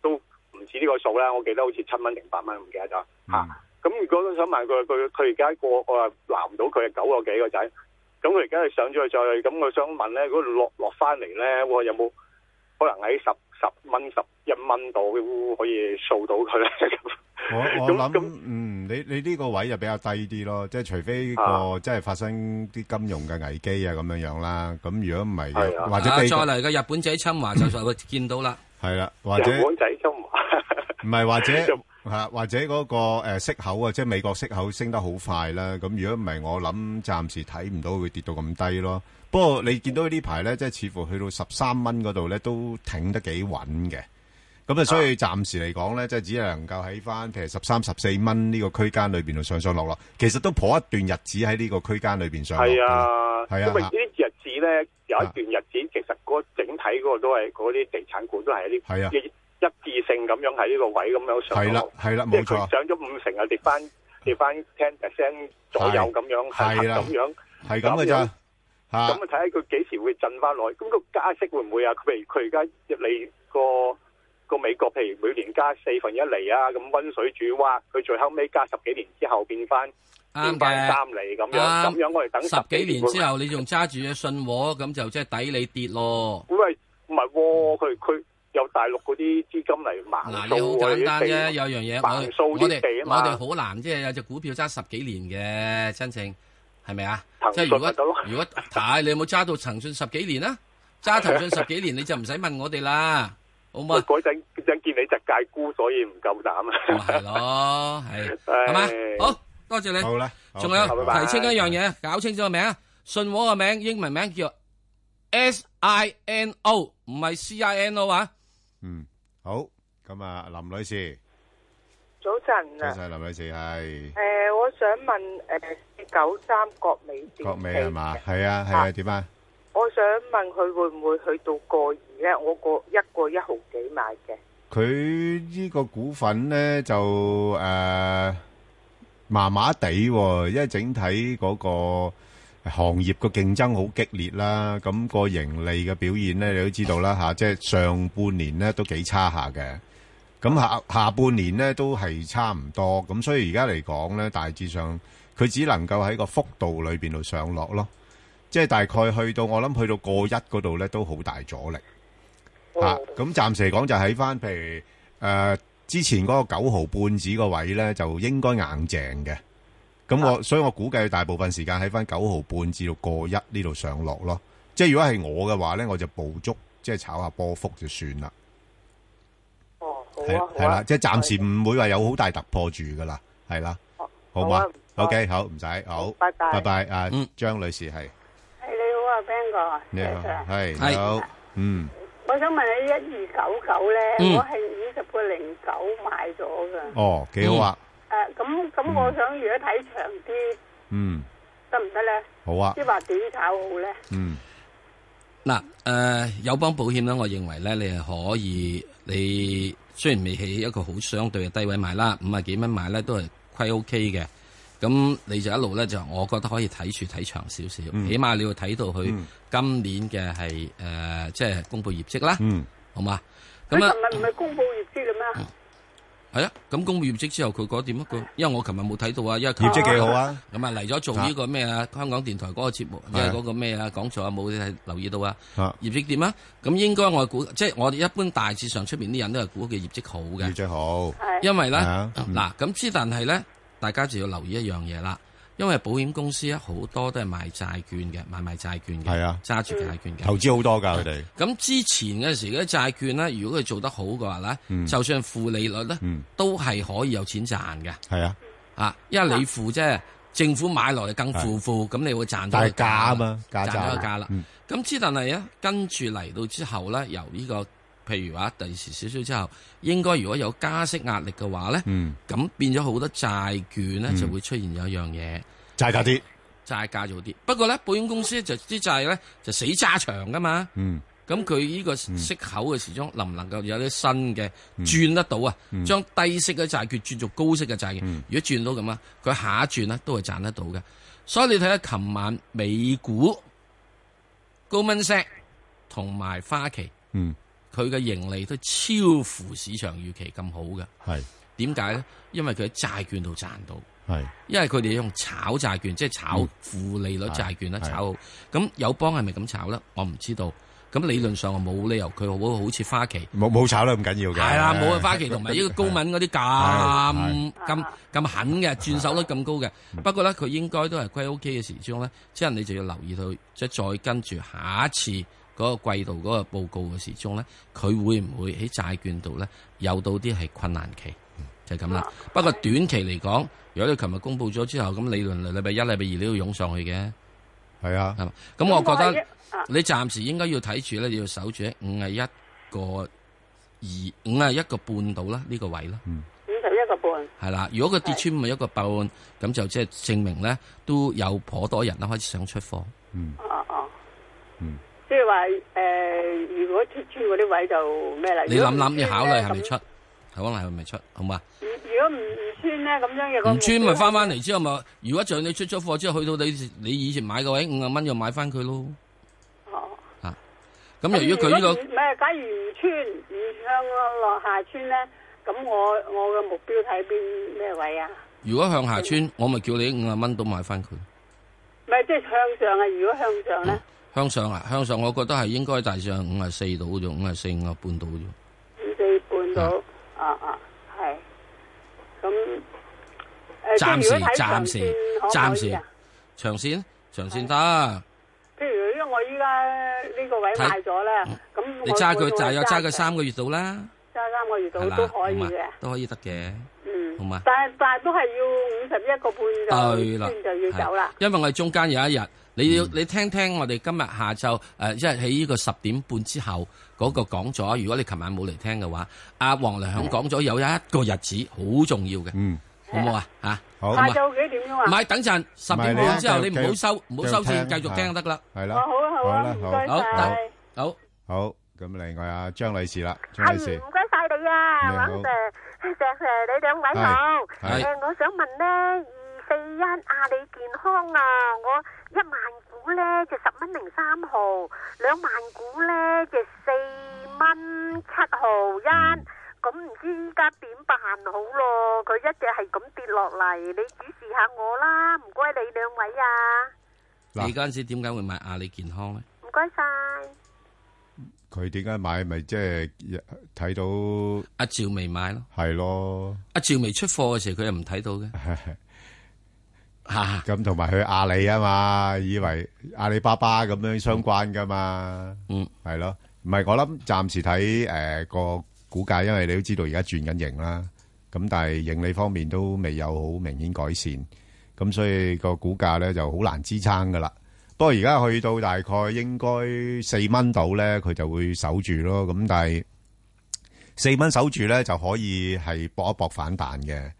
都唔止呢個數啦。我記得好似七蚊零八蚊，唔記得咗吓。咁如果都想問佢，佢佢而家過我攔唔到佢九個幾個仔，咁佢而家係上咗去再，咁我想問咧，如果落落翻嚟咧，我有冇？可能喺十十蚊、十一蚊度可以掃到佢啦。我我諗嗯，你你呢個位就比較低啲咯，即係除非個即係發生啲金融嘅危機啊咁樣樣啦。咁如果唔係，或者再嚟個日本仔侵華就就會見到啦。係啦，或者日本仔侵華唔係或者。係，或者嗰個息口啊，即係美國息口升得好快啦。咁如果唔係，我諗暫時睇唔到會跌到咁低咯。不過你見到呢排咧，即係似乎去到十三蚊嗰度咧，都挺得幾穩嘅。咁啊，所以暫時嚟講咧，即係只能夠喺翻譬如十三、十四蚊呢個區間裏面度上上落落。其實都頗一段日子喺呢個區間裏面上落。係啊，係啊，因為呢啲日子咧，有一段日子，其實嗰整體嗰個都係嗰啲地產股都係啲係啊。一致性咁樣喺呢個位咁樣上，係啦係啦冇錯，佢上咗五成啊跌翻跌翻 ten percent 左右咁樣，係啦咁樣，係咁嘅咋吓？咁啊睇下佢幾時會震翻落去？咁個加息會唔會啊？譬如佢而家入嚟個個美國，譬如每年加四分一厘啊，咁溫水煮蛙，佢最後尾加十幾年之後變翻啱嘅三厘咁樣，咁樣我哋等十幾年，會唔會十幾年之後，你仲揸住隻信和咁就即係抵你跌咯。喂，唔係，佢佢。有大陸嗰啲資金嚟買嗱，你好簡單啫，有樣嘢，我哋好難即係有隻股票揸十幾年嘅申請係咪啊？騰訊即係如果，如果太你有冇揸到騰訊十幾年啊？揸騰訊十幾年你就唔使問我哋啦，好嗎？嗰陣想見你就介估，所以唔夠膽啊！係咯，係係嘛？好多謝，謝你。好啦，仲有提清一樣嘢，搞清楚個名啊！信和個名英文名叫 SINO，唔係 CINO 啊！嗯好，咁啊，林女士，早晨啊，多謝林女士，係誒，我想問誒，九三國美國美係嘛？係啊，係啊，點啊？我想問佢會唔會去到個二咧？我個一個一毫幾買嘅，佢呢個股份咧就誒麻麻地，因為整體嗰個。行業個競爭好激烈啦，咁、那個盈利嘅表現呢，你都知道啦吓，即、啊、係、就是、上半年呢都幾差下嘅，咁下下半年呢都係差唔多，咁所以而家嚟講呢，大致上佢只能夠喺個幅度裏邊度上落咯，即、就、係、是、大概去到我諗去到過一嗰度呢都好大阻力吓，咁、啊、暫時嚟講就喺翻譬如誒、呃、之前嗰個九毫半子個位呢，就應該硬淨嘅。咁我，所以我估計大部分時間喺翻九毫半至到過一呢度上落咯。即係如果係我嘅話咧，我就捕捉，即係炒一下波幅就算啦。哦，係啦、啊啊啊，即係暫時唔會話有好大突破住噶啦，係啦，好好，啊好啊、o、okay, k 好，唔使，好，拜拜，拜拜。嗯、啊，張女士係，係你好啊，彬哥，你好，係，係好，so, 嗯。我想問你，一二九九咧，我係五十個零九買咗噶。哦，幾好啊！嗯誒、啊，咁咁，我想如果睇長啲，嗯，得唔得咧？好啊，即係話點炒好咧？嗯，嗱，誒、呃，友邦保險咧，我認為咧，你係可以，你雖然未起一個好相對嘅低位買啦，五啊幾蚊買咧，都係 quite OK 嘅。咁你就一路咧，就我覺得可以睇住睇長少少、嗯，起碼你要睇到佢今年嘅係誒，即、嗯、係、呃就是、公布業績啦，好嘛？咁、嗯、啊，唔係唔係公布業績嘅咩？嗯係啊，咁公布業績之後，佢嗰點啊？佢，因為我琴日冇睇到啊，因為業績幾好啊，咁啊嚟咗做呢個咩啊？香港電台嗰個節目，即係嗰個咩啊？講座啊，冇留意到啊？業績點啊？咁應該我估，即係我哋一般大致上出邊啲人都係估佢業績好嘅。業績好，因為咧，嗱，咁之但係咧，大家就要留意一樣嘢啦。因為保險公司咧，好多都係賣債券嘅，買賣債券嘅，係啊，揸住債券嘅，投資好多㗎佢哋。咁、啊、之前嗰陣時咧，債券咧，如果佢做得好嘅話咧、嗯，就算係負利率咧、嗯，都係可以有錢賺嘅。係啊，啊，因為你負啫、啊，政府買落嚟更負負，咁、啊、你會賺到個價啊嘛，賺咗個價啦。咁、嗯、之但係咧，跟住嚟到之後咧，由呢、呢個譬如話，第二時少少之後，應該如果有加息壓力嘅話咧，咁、嗯、變咗好多債券咧、嗯、就會出現有一樣嘢。債價啲債價就好啲，不過咧，保險公司就啲債咧就死揸長噶嘛。嗯，咁佢呢個息口嘅時中、嗯、能唔能夠有啲新嘅轉、嗯、得到啊？將、嗯、低息嘅債券轉做高息嘅債券、嗯，如果轉到咁啊，佢下一轉咧都係賺得到嘅。所以你睇下琴晚美股、高盛同埋花旗，嗯，佢嘅盈利都超乎市場預期咁好嘅。係點解咧？因為佢喺債券度賺到。係，因為佢哋用炒債券,券，即係炒負利率債券啦，嗯。炒好，咁友邦係咪咁炒咧？我唔知道。咁理論上我冇理由佢好好似花旗冇冇炒得咁緊要嘅係啦，冇啊花旗同埋呢個高敏嗰啲咁咁咁狠嘅轉手率咁高嘅。不過咧，佢應該都係歸 OK 嘅時鐘咧。即係你就要留意到，即係再跟住下一次嗰個季度嗰個報告嘅時鐘咧，佢會唔會喺債券度咧有到啲係困難期？就係咁啦。不過短期嚟講。如果你琴日公布咗之後，咁理論嚟，禮拜一、禮拜二都要湧上去嘅，係啊，係嘛？咁我覺得你暫時應該要睇住咧，你要守住喺五啊一個二五啊一個半度啦，呢個位啦。五十一個半係啦。如果佢跌穿咪一個半，咁就即係證明咧都有頗多人咧開始想出貨。嗯。哦、嗯、哦。嗯。即係話誒，如果跌穿嗰啲位就咩啦？你諗諗，你考慮係咪出？睇我係咪未出，好嘛？如果唔唔穿咧，咁樣嘅，唔穿咪翻翻嚟之後嘛，如果就你出咗貨之後，去到你你以前買嘅位，五啊蚊又買翻佢咯。哦，吓、啊，咁由於佢呢個唔係，假如唔穿，唔向落下穿咧，咁我我嘅目標睇邊咩位啊？如果向下穿、嗯，我咪叫你五啊蚊都買翻佢。咪即係向上啊？如果向上咧、嗯？向上啊！向上，我覺得係應該大上五啊四度嘅啫，五啊四啊半度啫。五啊四半度。啊啊，係，咁誒，如果睇長線可唔可以啊？長線長線得，譬如因為我依家呢個位賣咗啦，咁我會唔會再揸？你揸佢就有要揸佢三個月到啦，揸三個月到都可以嘅，都可以得嘅，嗯，同埋但係但係都係要五十一個半就先就要走啦，因為我哋中間有一日。你要你聽聽我哋今日下晝誒，即係喺呢個十點半之後嗰個講咗。如果你琴晚冇嚟聽嘅話，阿黃良響講咗有一個日子好重要嘅，好唔好啊？吓，好。下晝到幾點啊？唔係，等陣十點半之後你唔好收，唔好收先，繼續聽就得啦。係啦，好啊，好啊，唔該晒。好好，咁另外阿張女士啦，張女士，唔該晒你啊，誒，謝謝你兩位好。誒，我想問咧。四一阿里健康啊！我一萬股咧就十蚊零三毫，兩萬股咧就四蚊七毫一。咁唔知依家點辦好咯？佢一直係咁跌落嚟，你指示下我啦。唔該你兩位啊。你嗰陣時點解會買阿里健康咧？唔該晒。佢點解買咪即係睇到阿趙薇買咯？係咯。阿趙薇出貨嘅時候，佢又唔睇到嘅。吓，咁同埋去阿里啊嘛，以為阿里巴巴咁樣相關噶嘛，嗯，係咯，唔係我諗暫時睇誒個股價，因為你都知道而家轉緊型啦，咁但係盈利方面都未有好明顯改善，咁所以個股價咧就好難支撐噶啦。不過而家去到大概應該四蚊度咧，佢就會守住咯。咁但係四蚊守住咧就可以係搏一搏反彈嘅。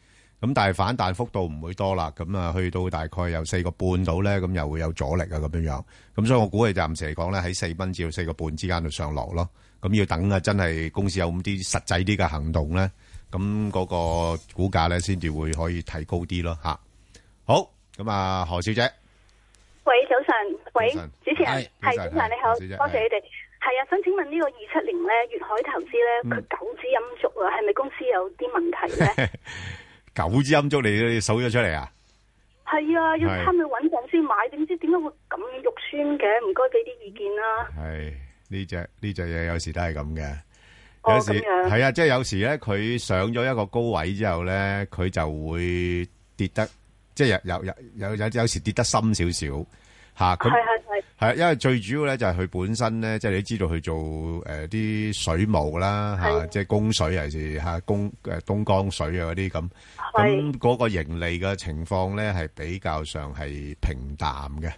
咁但係反彈幅度唔會多啦，咁啊去到大概有四個半到咧，咁又會有阻力啊咁樣樣。咁所以我估計暫時嚟講咧，喺四蚊至到四個半之間度上落咯。咁要等啊，真係公司有咁啲實際啲嘅行動咧，咁嗰個股價咧先至會可以提高啲咯吓。好，咁啊，何小姐，喂，早晨。喂，主持人係，早晨，你好，多謝你哋。係啊，想請問呢個二七年咧，粵海投資咧，佢九支陰燭啊，係咪公司有啲問題咧？九支陰燭你數咗出嚟啊？係啊，要睇佢穩陣先買，點知點解會咁肉酸嘅？唔該俾啲意見啦、啊。係呢隻呢隻嘢，有時都係咁嘅，有時係啊，即係有時咧，佢上咗一個高位之後咧，佢就會跌得，即係有有有有有有時跌得深少少。吓，佢係係係係，因為最主要咧就係佢本身咧，即係你都知道佢做誒啲水務啦，吓即係供水還是吓供誒東江水啊嗰啲咁，咁嗰個盈利嘅情況咧係比較上係平淡嘅，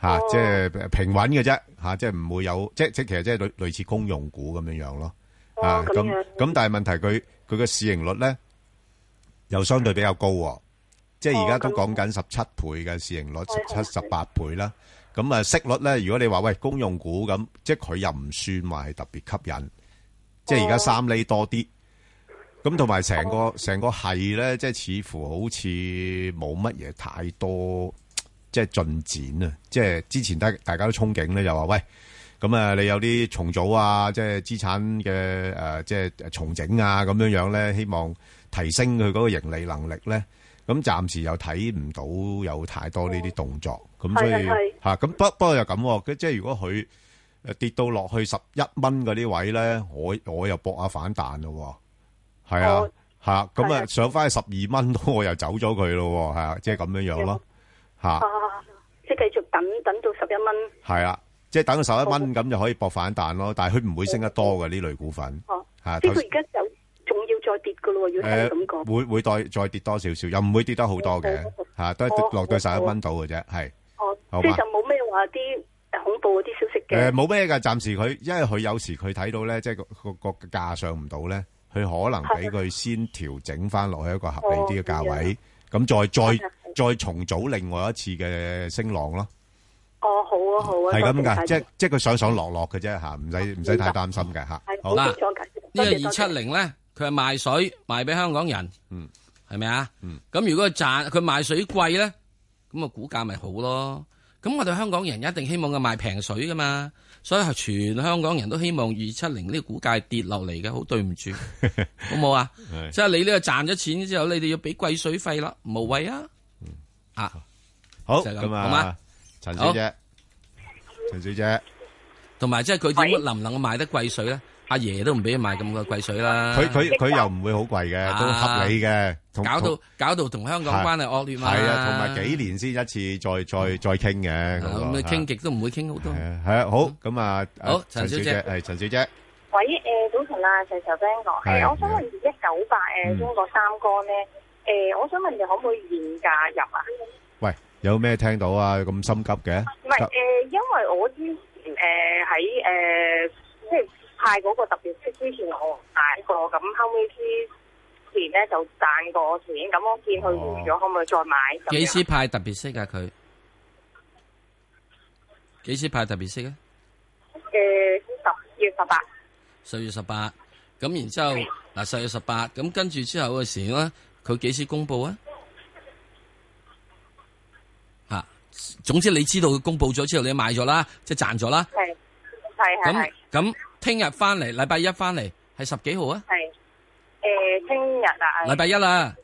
吓即係平穩嘅啫，吓即係唔會有即即其實即係類類似公用股咁樣樣咯，啊咁咁但係問題佢佢個市盈率咧又相對比較高。即係而家都講緊十七倍嘅市盈率 17, 18，十七十八倍啦。咁啊息率咧，如果你話喂公用股咁，即係佢又唔算話係特別吸引。即係而家三厘多啲。咁同埋成個成個係咧，即係似乎好似冇乜嘢太多，即係進展啊。即係之前得大家都憧憬咧，又話喂咁啊，你有啲重組啊，即係資產嘅、呃、即係重整啊，咁樣樣咧，希望提升佢嗰個盈利能力咧。咁暫時又睇唔到有太多呢啲動作，咁、哦、所以吓咁不不過又咁，即係如果佢跌到落去十一蚊嗰啲位咧，我我又搏下反彈咯，係啊，吓咁啊上翻去十二蚊，我又走咗佢咯，係、就是、啊，即係咁樣樣咯，吓，即係繼續等等到十一蚊，係啊，即係等到十一蚊咁就可以搏反彈咯，但係佢唔會升得多嘅呢類股份，吓、哦，即係佢而家走。再跌噶咯，要聽咁講。會會再再跌多少少，又唔會跌得好多嘅，吓都落到十一蚊度嘅啫，係。哦，即係就冇咩話啲恐怖嗰啲消息嘅。誒，冇咩噶，暫時佢，因為佢有時佢睇到咧，即係個個個價上唔到咧，佢可能俾佢先調整翻落去一個合理啲嘅價位，咁再再再重組另外一次嘅升浪咯。哦，好啊，好啊，係咁噶，即係即係佢上上落落嘅啫，吓，唔使唔使太擔心嘅吓。好啦，呢個二七零咧。佢係賣水賣俾香港人，係咪啊？咁、嗯、如果賺佢賣水貴咧，咁、那、啊、個、股價咪好咯。咁我哋香港人一定希望佢賣平水噶嘛，所以全香港人都希望二七零呢個股價跌落嚟嘅。好對唔住，好唔好啊？即係你呢個賺咗錢之後，你哋要俾貴水費啦，無謂啊！啊，嗯、好，係、就、啊、咁。好嗎？陳小姐，陳小姐，同埋即係佢點能唔能夠賣得貴水咧？阿爺都唔俾買咁嘅貴水啦，佢佢佢又唔會好貴嘅，都合理嘅。搞到搞到同香港關係惡劣嘛，係啊，同埋幾年先一次再再再傾嘅。咁啊，傾極都唔會傾好多。係啊，好咁啊，好陳小姐，係陳小姐，喂，誒，早晨啊，陳小姐講，誒，我想問一九八誒，中國三江咧，誒，我想問你可唔可以現價入啊？喂，有咩聽到啊？咁心急嘅？唔係誒，因為我之前誒喺誒。派嗰個特別息之前我買過，咁後尾之前咧就賺過錢，咁我見佢換咗，可唔可以再買？幾時派特別息啊？佢幾時派特別息啊？誒、呃，十月十八。十月十八，咁然之後嗱，十月十八，咁跟住之後嗰時咧，佢幾時公布啊？吓、啊，總之你知道佢公布咗之後你，你買咗啦，即係賺咗啦。係係係。咁咁。聽日翻嚟，禮拜一翻嚟，係十幾號啊？係，誒，聽日啊，禮拜、呃啊、一啦、啊，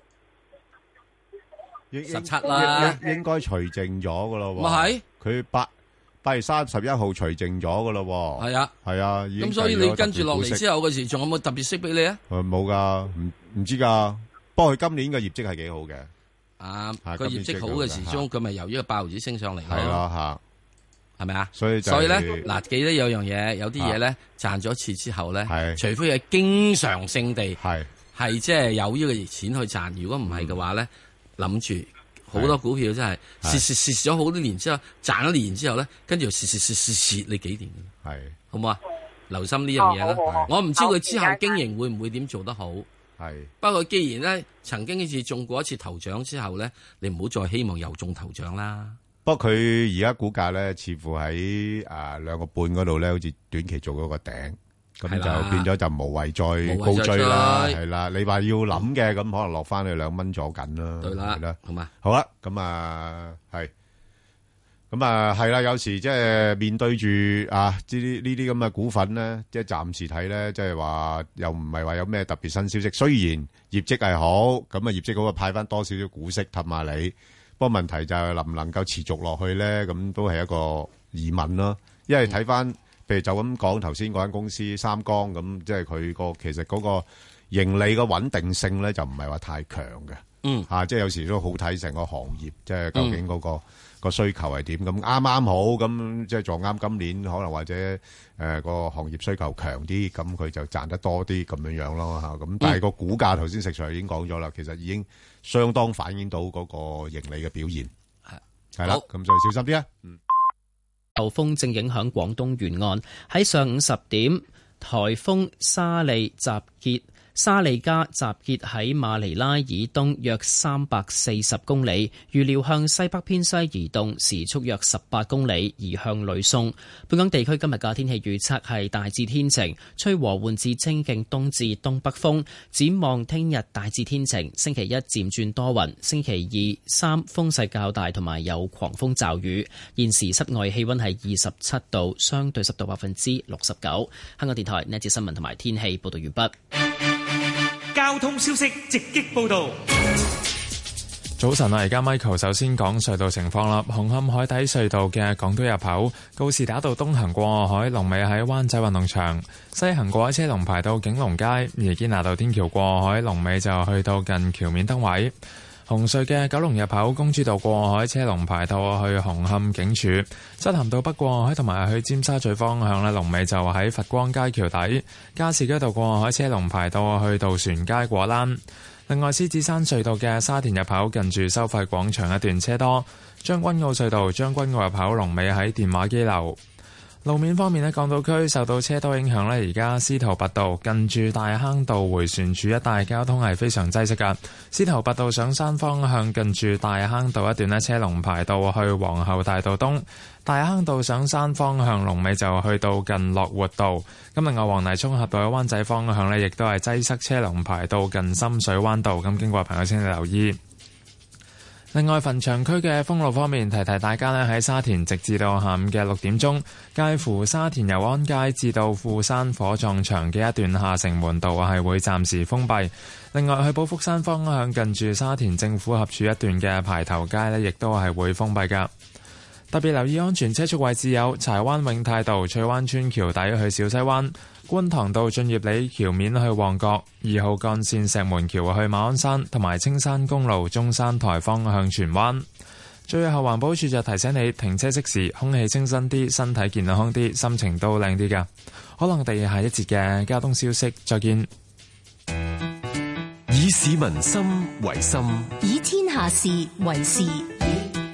十七啦，應，應該除淨咗噶咯。咪係？佢八八月三十一號除淨咗噶咯。係啊，係啊，咁所以你跟住落嚟之後嘅時候，仲有冇特別息俾你啊？冇、呃、噶，唔唔知噶。不過佢今年嘅業績係幾好嘅。啊，個業績好嘅時中，佢咪由一個八毫紙升上嚟係係啦，吓。係咪啊？所以所以咧，嗱，記得有樣嘢，有啲嘢咧，賺咗一次之後咧，除非係經常性地係，係即係有呢個錢去賺。如果唔係嘅話咧，諗住好多股票真係蝕蝕蝕咗好多年之後，賺一年之後咧，跟住又蝕蝕蝕蝕蝕你幾年係好唔好啊？留心呢樣嘢啦。我唔知佢之後經營會唔會點做得好。係。不過既然咧，曾經一次中過一次頭獎之後咧，你唔好再希望又中頭獎啦。不過佢而家股價咧，似乎喺啊兩個半嗰度咧，好似短期做咗個頂，咁就變咗就無謂再高追啦。係啦，你話要諗嘅，咁可能落翻去兩蚊左近啦。係啦，好嘛？好啦，咁啊係，咁啊係啦。有時即係面對住啊，呢啲呢啲咁嘅股份咧，即係暫時睇咧，即係話又唔係話有咩特別新消息。雖然業績係好，咁啊業績好啊派翻多少少股息氹下你。不過問題就係能唔能夠持續落去咧？咁都係一個疑問咯。因為睇翻，譬如就咁講頭先嗰間公司三江咁，即係佢個其實嗰個盈利嘅穩定性咧、嗯啊，就唔係話太強嘅。嗯，嚇，即係有時都好睇成個行業，即係究竟嗰個。嗯個需求係點，咁啱啱好咁，即係撞啱今年可能或者誒個行業需求強啲，咁佢就賺得多啲咁樣樣咯吓。咁但係個股價頭先食材已經講咗啦，其實已經相當反映到嗰個盈利嘅表現係係啦。咁就小心啲啊！嗯，受風正影響廣東沿岸。喺上午十點，台風莎莉集結。沙利加集結喺馬尼拉以東約三百四十公里，預料向西北偏西移動，時速約十八公里，移向呂宋。本港地區今日嘅天氣預測係大致天晴，吹和緩至清勁東至東北風。展望聽日大致天晴，星期一漸轉多雲，星期二三風勢較大，同埋有狂風驟雨。現時室外氣溫係二十七度，相對濕度百分之六十九。香港電台呢節新聞同埋天氣報道完畢。交通消息直擊報道。早晨啊，而家 Michael 首先講隧道情況啦。紅磡海底隧道嘅港島入口告士打道東行過海，龍尾喺灣仔運動場；西行過海車龍排到景隆街，而堅拿道天橋過海龍尾就去到近橋面燈位。紅隧嘅九龍入口公主道過海車龍排到我去紅磡警署，漆咸道北過海同埋去尖沙咀方向咧龍尾就喺佛光街橋底，加士居道過海車龍排到我去渡船街果欄。另外獅子山隧道嘅沙田入口近住收費廣場一段車多，將軍澳隧道將軍澳入口龍尾喺電話機樓。路面方面呢，港島區受到車多影響呢，而家司徒拔道近住大坑道迴旋處一帶交通係非常擠塞噶。司徒拔道上山方向近住大坑道一段呢，車龍排到去皇后大道東；大坑道上山方向龍尾就去到近樂活道。咁另外，黃泥涌峽道嘅灣仔方向呢，亦都係擠塞，車龍排到近深水灣道。咁經過朋友，請你留意。另外，墳場區嘅封路方面，提提大家咧，喺沙田直至到下午嘅六點鐘，介乎沙田游安街至到富山火葬場嘅一段下城門道係會暫時封閉。另外，去寶福山方向近住沙田政府合署一段嘅排頭街呢，亦都係會封閉噶。特別留意安全車速位置有柴灣永泰道翠灣村橋底去小西灣、觀塘道駿業里橋面去旺角、二號幹線石門橋去馬鞍山，同埋青山公路中山台方向荃灣。最後環保署就提醒你停車熄匙空氣清新啲，身體健康啲，心情都靚啲噶。可能我哋下一節嘅交通消息再見。以市民心為心，以天下事為事。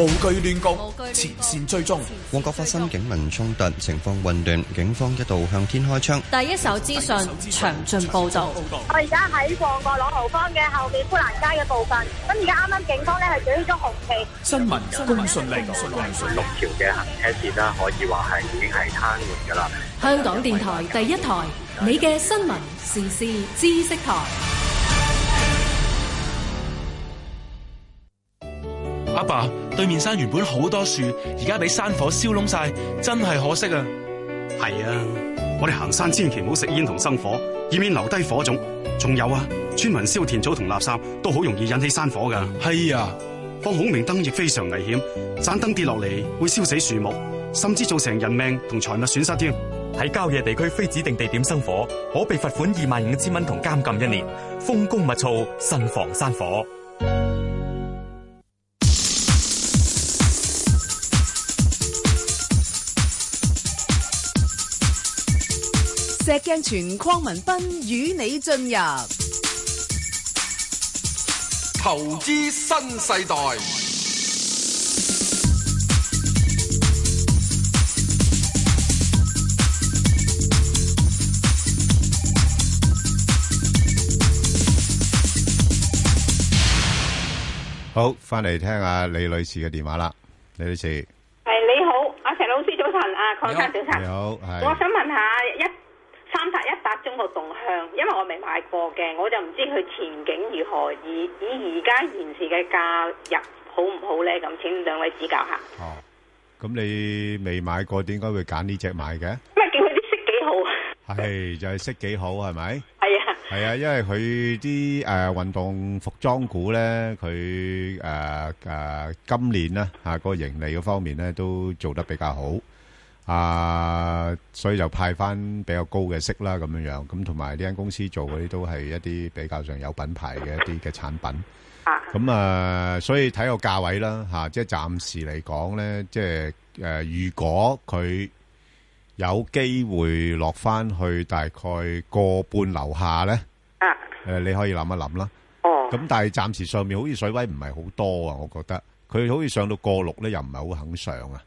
無懼亂局，前線追蹤。旺角發生警民衝突，情況混亂，警方一度向天開槍。第一手資訊，詳盡報道。我而家喺旺角朗豪坊嘅後面，砵蘭街嘅部分，咁而家啱啱警方咧係舉咗了紅旗。新聞公信力，六條嘅行車線啦，可以話係已經係癱瘓噶啦。香港電台第一台，你嘅新聞時事知識台。阿爸,爸，對面山原本好多樹，而家俾山火燒燶晒，真係可惜啊！係啊，我哋行山千祈唔好食煙同生火，以免留低火種。仲有啊，村民燒田草同垃圾都好容易引起山火㗎。係啊，放孔明燈亦非常危險，盞燈跌落嚟會燒死樹木，甚至造成人命同財物損失。添喺郊野地區非指定地點生火，可被罰款二萬五千蚊同監禁一年。風高物燥，慎防山火。石鏡泉鄺民彬與你進入投資新世代。好，翻嚟聽下李女士嘅電話啦。李女士，係你好。阿陳老師早晨啊，鄺生早晨，你好，你好，我想問一下一。三八一八中國動向，因為我未買過嘅，我就唔知佢前景如何，以以而家現時嘅價入好唔好咧？咁請兩位指教下。哦，咁你未買過，點解會揀呢隻買嘅？咪見佢啲色幾好。係就係色幾好係咪？係啊，係啊，因為佢啲誒運動服裝股咧，佢誒誒今年啦嚇個盈利嗰方面咧都做得比較好。啊，所以就派翻比較高嘅息啦，咁樣樣，咁同埋呢間公司做嗰啲都係一啲比較上有品牌嘅一啲嘅產品。啊，咁啊，所以睇個價位啦，嚇，即係暫時嚟講咧，即係誒，如果佢有機會落翻去大概個半樓下咧，啊，誒，你可以諗一諗啦。哦，咁但係暫時上面好似水位唔係好多啊，我覺得佢好似上到個六咧，又唔係好肯上啊。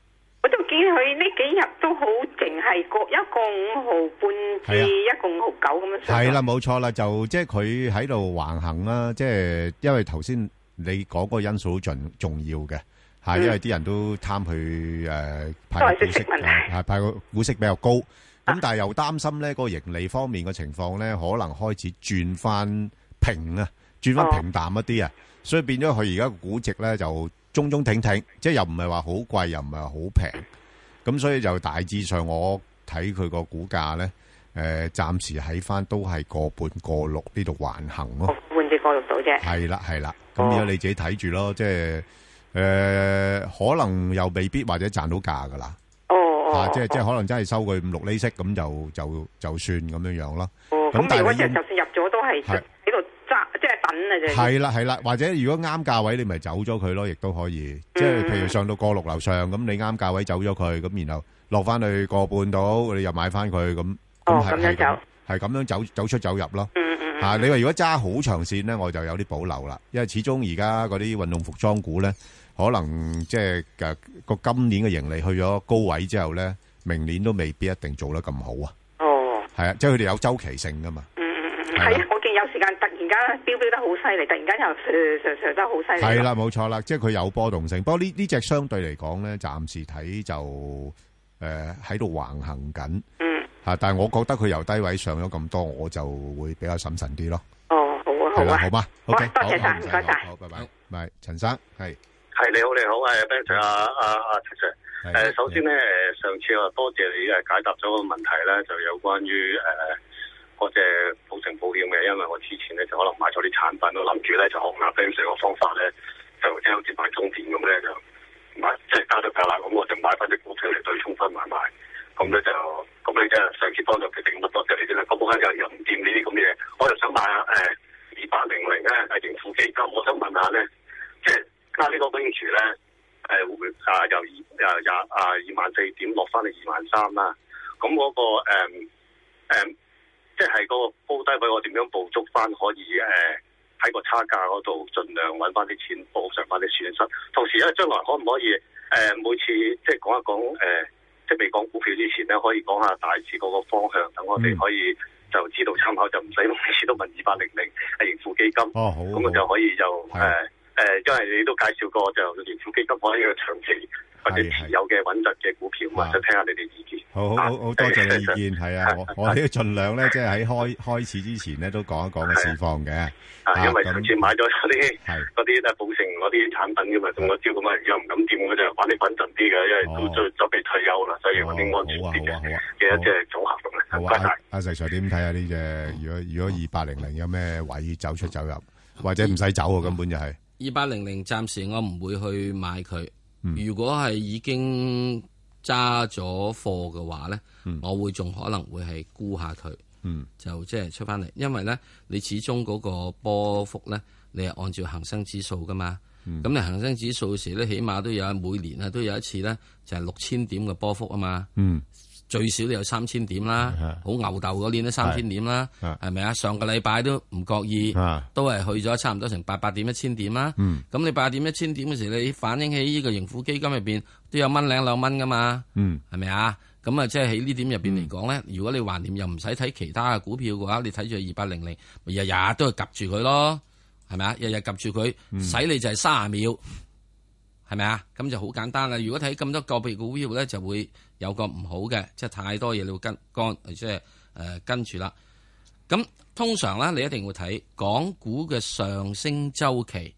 係個一個五毫半至一個五毫九咁樣，係啦，冇錯啦，就即係佢喺度橫行啦，即係因為頭先你講個因素都盡重要嘅，係因為啲人都貪去誒派股息啊，係派個股息比較高，咁但係又擔心咧個盈利方面嘅情況咧，可能開始轉翻平啊，轉翻平淡一啲啊，所以變咗佢而家個估值咧就中中挺挺，即係又唔係話好貴，又唔係話好平。咁所以就大致上我，我睇佢個股價咧，誒，暫時喺翻都係個半個六呢度橫行咯。換啲個六到啫。係啦係啦，咁而家你自己睇住咯，哦、即係誒、呃，可能又未必或者賺到價噶啦。哦哦。即係即係可能真係收佢五六厘息，咁就就就算咁樣樣咯。咁但係如果就算入咗都係。係啦係啦，或者如果啱價位，你咪走咗佢咯，亦都可以。即係譬如上到過六樓上，咁你啱價位走咗佢，咁然後落翻去個半度，你又買翻佢咁。哦，咁樣走，係咁樣走走出走入咯。嗯嗯嗯。嚇，你話如果揸好長線咧，我就有啲保留啦。因為始終而家嗰啲運動服裝股咧，可能即係個今年嘅盈利去咗高位之後咧，明年都未必一定做得咁好啊。哦。係啊，即係佢哋有週期性噶嘛。嗯嗯嗯嗯。係啊，我見有時間得。而家飆飆得好犀利，突然間又上上上得好犀利。係啦，冇錯啦，即係佢有波動性。不過呢呢隻相對嚟講咧，暫時睇就誒喺度橫行緊。嗯。嚇！但係我覺得佢由低位上咗咁多，我就會比較審慎啲咯。哦，好啊，好啊，好嘛。OK，多謝晒，唔該晒。好，拜拜。拜，陳生，係。係你好，你好，係 Benjamin 啊啊啊，陳 Sir。誒，首先咧，誒上次我，多謝你誒解答咗個問題咧，就有關於誒。嗰隻保誠保險嘅，因為我之前咧就可能買咗啲產品，我諗住咧就學阿 James 個方法咧，就將接埋中電咁咧就買，即係加多加辣咁，我就買翻啲股票嚟對沖分買賣咁咧、嗯、就咁你即係上次幫助佢定咁多嘅嚟先啦。咁冇又又唔掂呢啲咁嘅，我又想買誒二八零零咧，係盈富基金。200, 000, 啊、我想問一下咧，即係加呢個 w i n d s h r e 咧，啊由二廿啊二萬四點落翻嚟二萬三啦？咁嗰、啊那個、呃呃即係個高低位，我點樣捕捉翻？可以誒，喺個差價嗰度盡量搵翻啲錢，補償翻啲損失。同時，呢，將來可唔可以誒，每次即係講一講誒，即係未講股票之前咧，可以講下大致嗰個方向，等我哋可以就知道參考，就唔使每次都問二八零零係盈富基金。哦，好。咁我就可以就誒誒，因為你都介紹過就盈富基金，我喺個長期。或者持有嘅穩陣嘅股票嘛，想聽下你哋意見。好，好，好好多謝你意見，係啊，我我都要儘量咧，即係喺開開始之前咧都講一講個市況嘅、啊。因為上次買咗嗰啲嗰啲都係保誠嗰啲產品㗎嘛，咁我招咁啊，又唔敢掂嗰就話你穩陣啲嘅，因為都準準備、哦、退休啦，所以我啲安全啲嘅嘅一隻組、哦啊啊啊啊啊、合嚟嘅、嗯啊。阿阿石 Sir 點睇下呢隻如果如果二八零零有咩位走出走入，或者唔使走喎、啊，根、啊、本，本就係、是、二八零零，暫時我唔會去買佢。嗯、如果係已經揸咗貨嘅話咧、嗯，我會仲可能會係沽下佢、嗯，就即係出翻嚟。因為咧，你始終嗰個波幅咧，你係按照恒生指數噶嘛。咁、嗯、你恒生指數時咧，起碼都有每年啊都有一次咧，就係六千點嘅波幅啊嘛。嗯最少都有三千點啦，是是是好牛鬥嗰年都三千點啦，係咪啊？上個禮拜都唔覺意，是是都係去咗差唔多成八百點一千點啦。咁、嗯、你八百點一千點嘅時候，你反映喺呢個盈富基金入面都有蚊兩兩蚊噶嘛，係、嗯、咪啊？咁啊，即係喺呢點入面嚟講咧，如果你橫掂又唔使睇其他嘅股票嘅話，你睇住二八零零，日日都係 𥄫 住佢咯，係咪啊？日日 𥄫 住佢，嗯、使你就係卅秒。係咪啊？咁就好簡單啦。如果睇咁多個別嘅股票咧，就會有個唔好嘅，即係太多嘢你會跟干，即係誒跟住啦。咁、呃、通常咧，你一定會睇港股嘅上升周期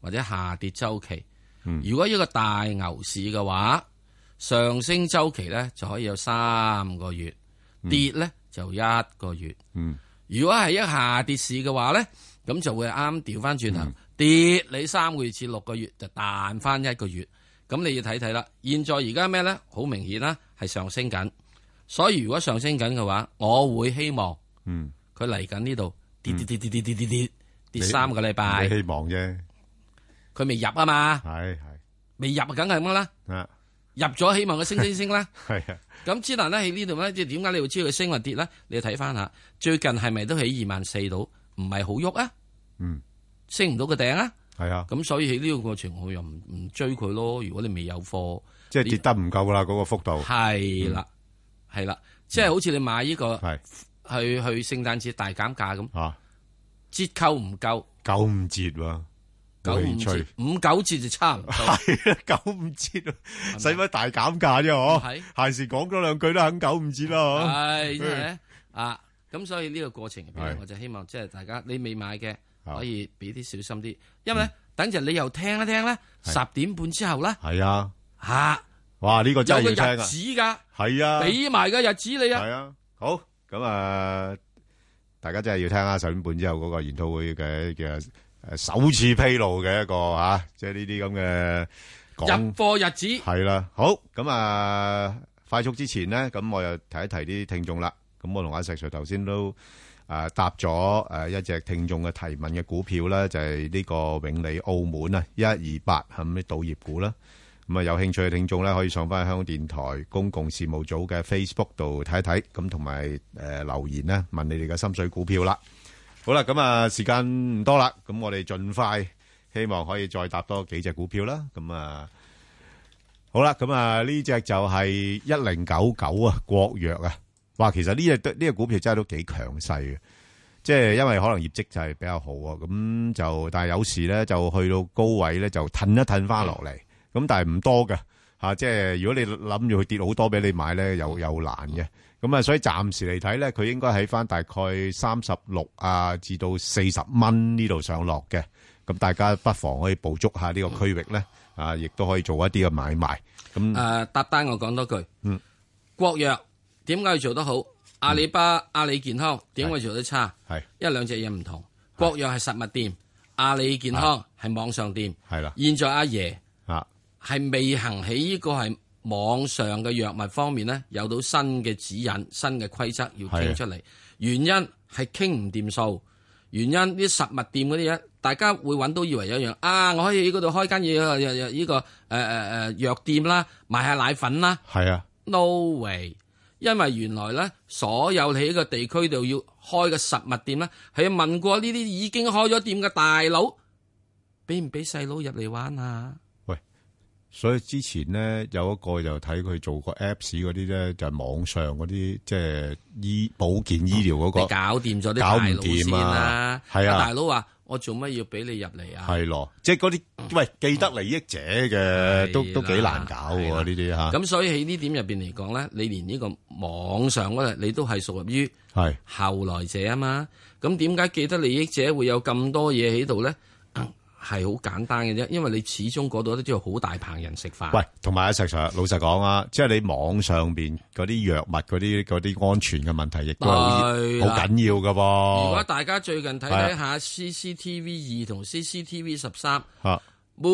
或者下跌周期、嗯。如果一個大牛市嘅話，上升周期咧就可以有三個月，跌咧就一個月。嗯、如果係一下跌市嘅話咧，咁就會啱調翻轉頭。嗯跌你三個月至六個月就彈翻一個月，咁你要睇睇啦。現在而家咩咧？好明顯啦，係上升緊。所以如果上升緊嘅話，我會希望來這裡跌跌，嗯，佢嚟緊呢度跌跌跌跌跌跌跌跌跌三個禮拜。你你希望啫，佢未入啊嘛，係係未入 啊，梗係咁啦。入咗希望佢升升升啦。係咁只能咧喺呢度咧，即係點解你會知佢升或跌咧？你要睇翻下最近係咪都喺二萬四度，唔係好喐啊。嗯。升唔到個頂啊！係啊，咁所以喺呢個過程我又唔唔追佢咯。如果你未有貨，即係跌得唔夠啦，嗰個幅度係啦，係啦，即係好似你買呢個去去聖誕節大減價咁，折扣唔夠九五折喎，九五折五九折就差唔多係啦，九五折，使乜大減價啫？嗬，閒時講多兩句都肯九五折啦，嗬，係，啊，咁所以呢個過程，我就希望即係大家你未買嘅。可以俾啲小心啲，因為等陣你又聽一聽啦，十點半之後啦，係啊，吓，哇呢個真係要聽啊，係啊，俾埋個日子你啊，係啊，好，咁啊，大家真係要聽啦，十點半之後嗰個研討會嘅嘅誒首次披露嘅一個吓，即係呢啲咁嘅入貨日子，係啦，好，咁啊，快速之前咧，咁我又提一提啲聽眾啦。咁我同阿石 Sir 頭先都啊答咗誒，一隻聽眾嘅提問嘅股票啦，就係呢個永利澳門啊，一二八係咩賭業股啦。咁啊，有興趣嘅聽眾咧，可以上翻香港電台公共事務組嘅 Facebook 度睇一睇，咁同埋誒留言咧，問你哋嘅心水股票啦。好啦，咁啊時間唔多啦，咁我哋盡快希望可以再答多幾隻股票啦。咁啊好啦，咁啊呢隻就係一零九九啊，國藥啊。話其實呢隻呢隻股票真係都幾強勢嘅，即係因為可能業績就係比較好啊，咁就但係有時咧就去到高位咧就褪一褪翻落嚟，咁但係唔多嘅吓，即係如果你諗住佢跌好多俾你買咧，又又難嘅，咁啊，所以暫時嚟睇咧，佢應該喺翻大概三十六啊至到四十蚊呢度上落嘅，咁大家不妨可以捕捉下呢個區域咧，啊，亦都可以做一啲嘅買賣。咁誒，搭單我講多句，嗯，國藥。點解佢做得好？阿里巴阿里健康點解做得差？係因為兩隻嘢唔同。國藥係實物店，阿里健康係網上店。係啦，現在阿爺啊係未行喺呢個係網上嘅藥物方面咧，有到新嘅指引、新嘅規則要傾出嚟。原因係傾唔掂數，原因啲實物店嗰啲嘢，大家會揾到以為有一樣啊，我可以喺嗰度開間嘢，呢、這個誒誒誒藥店啦，賣下奶粉啦。係啊，no way。因為原來咧，所有喺個地區度要開個實物店咧，係問過呢啲已經開咗店嘅大佬，俾唔俾細佬入嚟玩啊？所以之前咧有一個就睇佢做個 Apps 嗰啲咧，就係、網上嗰啲即係醫保健醫療嗰、嗰個，你搞掂咗啲大佬先啦。係啊，搞啊啊啊大佬話：我做乜要俾你入嚟啊？係咯、啊，即係嗰啲喂既得利益者嘅、嗯、都都幾難搞喎呢啲嚇。咁、啊啊啊、所以喺呢點入面嚟講咧，你連呢個網上嗰你都係屬入於係後來者啊嘛。咁點解既得利益者會有咁多嘢喺度咧？係好簡單嘅啫，因為你始終嗰度都有好大棚人食飯。喂，同埋阿石 Sir，老實講啊，即係你網上邊嗰啲藥物嗰啲嗰啲安全嘅問題，亦都係好緊要噶噃、啊。如果大家最近睇睇下 CCTV 二同 CCTV 十三、啊，每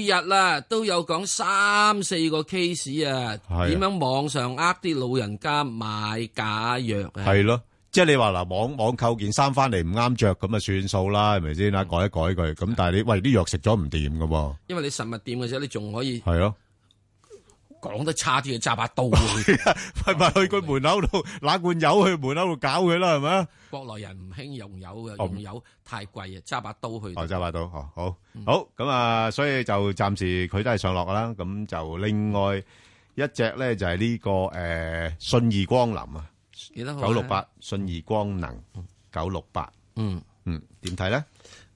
日啦、啊、都有講三四個 case 啊，點樣網上呃啲老人家買假藥啊？係咯、啊。即係你話嗱，網網購件衫翻嚟唔啱着，咁啊算數啦，係咪先啦？改一改佢，咁但係你喂啲藥食咗唔掂噶噃。因為你實物店嘅時候，你仲可以係咯，講得差啲，揸把刀去，唔係去佢門口度攞罐油去門口度搞佢啦，係咪啊？國內人唔興用油嘅，用油太貴啊，揸把刀去，哦揸把刀哦，好好咁啊，所以就暫時佢都係上落啦。咁就另外一隻咧，就係呢個誒信義光臨啊。幾多號啊、九六八信義光能，九六八，嗯嗯，點睇咧？冇、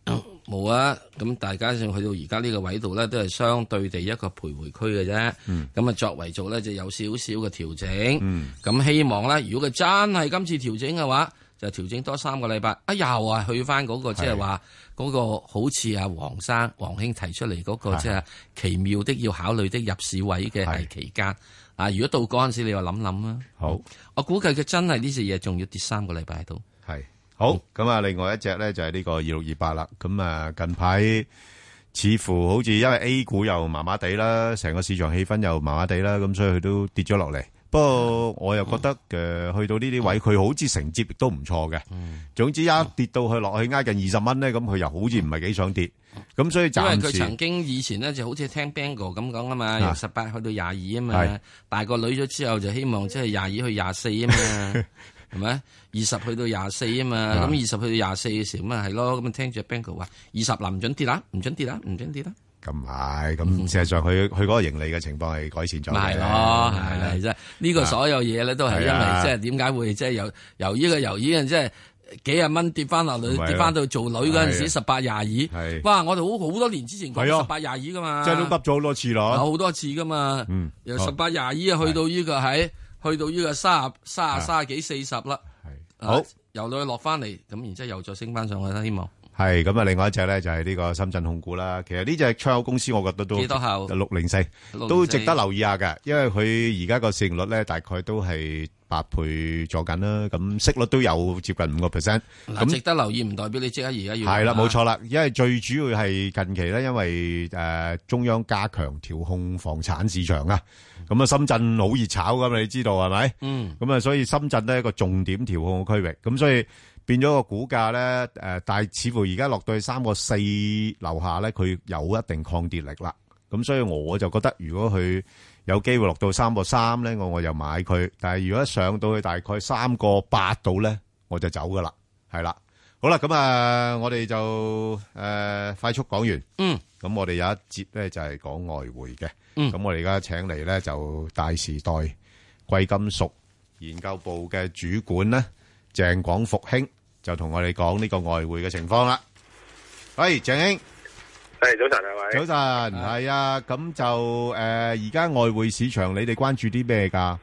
嗯哦、啊，咁大家上去到而家呢個位度咧，都係相對地一個徘徊區嘅啫。咁、嗯、啊，作為做咧，就有少少嘅調整。咁、嗯、希望咧，如果佢真係今次調整嘅話，就調整多三個禮拜。啊，又啊，去翻嗰、那個，即係話嗰個好似阿黃生黃兄提出嚟嗰、那個，即係、就是、奇妙的要考慮的入市位嘅係期間。啊！如果到嗰陣時，你又諗諗啦。好，我估計佢真係呢隻嘢仲要跌三個禮拜度。係好咁啊、嗯！另外一隻咧就係呢個二六二八啦。咁啊，近排似乎好似因為 A 股又麻麻地啦，成個市場氣氛又麻麻地啦，咁所以佢都跌咗落嚟。不過我又覺得、嗯、去到呢啲位佢、嗯、好似承接亦都唔錯嘅、嗯。總之一跌到去落去挨近二十蚊咧，咁、嗯、佢又好似唔係幾想跌。咁、嗯、所以暫時因為佢曾經以前咧就好似聽 Bangle 咁講啊嘛，由十、啊、八去到廿二啊嘛，大個女咗之後就希望即係廿二去廿四啊嘛，係咪？二 十去到廿四啊嘛，咁二十去到廿四嘅時候咁啊係咯，咁聽住 Bangle 話二十臨唔準跌啦，唔准跌啦，唔准跌啦。咁唔係，咁事實上佢佢嗰個盈利嘅情況係改善咗。咪係咯，係啦，即係呢個所有嘢咧都係因為即係點解會即係、就是、由由呢個由呢即係幾廿蚊跌翻落去，跌翻到做女嗰陣時十八廿二。哇！我哋好好多年之前講十八廿二噶嘛，即、就、係、是、都跌咗好多次咯。好多次噶嘛，嗯、由十八廿二去到呢、這個喺去到呢個三十三十三十幾四十啦。好由佢落翻嚟，咁然之後又再升翻上去啦，希望。係咁啊！另外一隻咧就係呢個深圳控股啦。其實呢隻出口公司我覺得都六零四都值得留意下嘅，因為佢而家個市盈率咧大概都係八倍做緊啦。咁息率都有接近五個 percent。咁值得留意唔代表你即刻而家要係啦，冇錯啦。因為最主要係近期咧，因為誒中央加強調控房產市場啊。咁啊，深圳好熱炒㗎嘛，你知道係咪？嗯。咁啊，所以深圳咧一個重點調控嘅區域。咁所以。變咗個股價咧，誒，但係似乎而家落到去三個四樓下咧，佢有一定抗跌力啦。咁所以我就覺得，如果佢有機會落到去三個三咧，我我就買佢。但係如果上到去大概三個八度咧，我就走噶啦，係啦。好啦，咁啊，我哋就誒快速講完。嗯。咁我哋有一節咧就係講外匯嘅。嗯。咁我哋而家請嚟咧就大時代貴金屬研究部嘅主管咧。鄭廣福興就同我哋講呢個外匯嘅情況啦。喂，鄭英，係早晨啊，位早晨係啊。咁就誒，而、呃、家外匯市場你哋關注啲咩噶？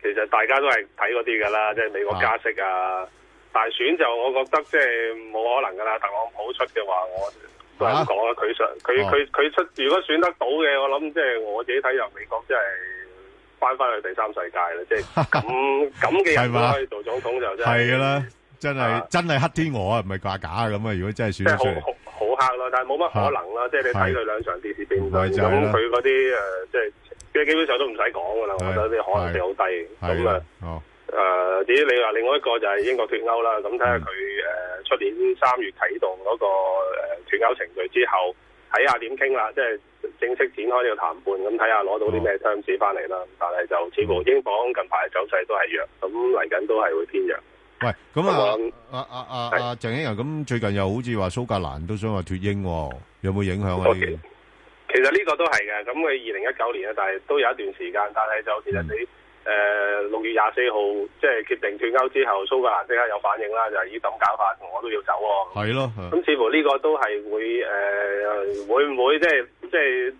其實大家都係睇嗰啲噶啦，即、就、係、是、美國加息啊，啊，但選就我覺得即係冇可能噶啦。特朗普出嘅話，我都係咁講啦。佢、啊、想，佢佢佢出，如果選得到嘅，我諗即係我自己睇，由美國即、就、係、是。.翻翻去第三世界啦，即係咁咁嘅人可以 做總統就真係係啦，真係真係黑天鵝啊，唔係掛假咁啊！如果真係選出，好、就、好、是、黑喇，但係冇乜可能啦、啊。即係你睇佢兩場電視辯論咁佢嗰啲誒，即係即係基本上都唔使講噶啦。我覺得啲可能性好低。咁啊，誒，至於、哦呃、你話另外一個就係英國脱歐啦。咁睇下佢誒，出年三月啟動嗰個誒脱歐程序之後。睇下點傾啦，即、就、係、是、正式展開呢個談判，咁睇下攞到啲咩槍子翻嚟啦。但係就似乎英鎊近排嘅走勢都係弱，咁嚟緊都係會偏弱。喂，咁啊啊啊啊啊！啊啊啊啊鄭欣然，咁最近又好似話蘇格蘭都想話脱英，有冇影響啊？Okay. 這個、其實呢個都係嘅，咁佢二零一九年咧，但係都有一段時間，但係就其實你。誒、呃、六月廿四號即係決定脱歐之後蘇格蘭即刻有反應啦，就係咦咁搞法，我都要走喎、啊。係咯，咁似乎呢個都係會誒、呃，會唔會即係即係誒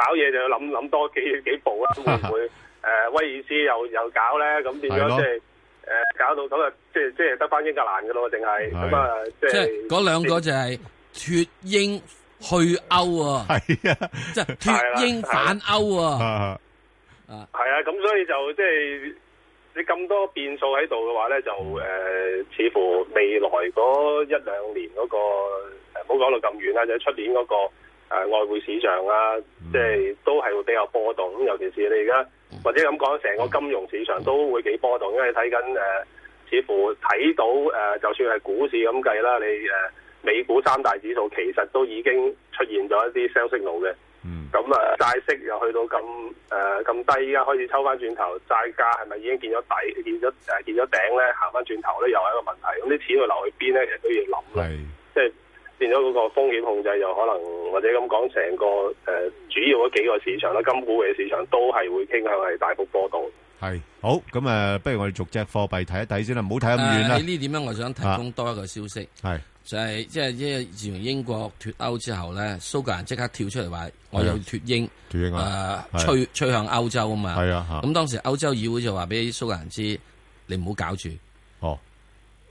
炒嘢就要諗諗多幾幾步啊？會唔會誒、 呃、威爾斯又又搞咧？咁變咗即係誒搞到咁啊？即係即係得翻英格蘭嘅咯，淨係咁啊？即係係嗰兩個就係脱英去歐喎，係啊， 即係脱英反歐啊 係啊，咁所以就即係你咁多變數喺度嘅話呢，就誒、呃，似乎未來嗰一兩年嗰、那個唔好講到咁遠啦，就係出年嗰、那個誒、呃、外匯市場啊，即係都係會比較波動。尤其是你而家或者咁講，成個金融市場都會幾波動，因為你睇緊誒，似乎睇到誒、呃，就算係股市咁計啦，你誒、呃、美股三大指數其實都已經出現咗一啲消息流嘅。嗯，咁啊，債息又去到咁誒咁低，而家開始抽翻轉頭，債價係咪已經見咗底，見咗誒見咗頂咧？行翻轉頭咧又係一個問題。咁啲錢會流去邊咧？其實都要諗啦，即係、就是、變咗嗰個風險控制又可能，或者咁講，成個誒、呃、主要嗰幾個市場啦，金股嘅市場都係會傾向係大幅波動。係好，咁啊，不如我哋逐隻貨幣睇一睇先啦，唔好睇咁遠啦。喺、啊、呢點咧，我想提供多一個消息。係、啊。就係即係，自從英國脫歐之後咧，蘇格蘭即刻跳出嚟話：我要脫英，脫英啊！呃、吹吹向歐洲啊嘛。係啊，咁當時歐洲議會就話俾蘇格蘭知，你唔好搞住。哦，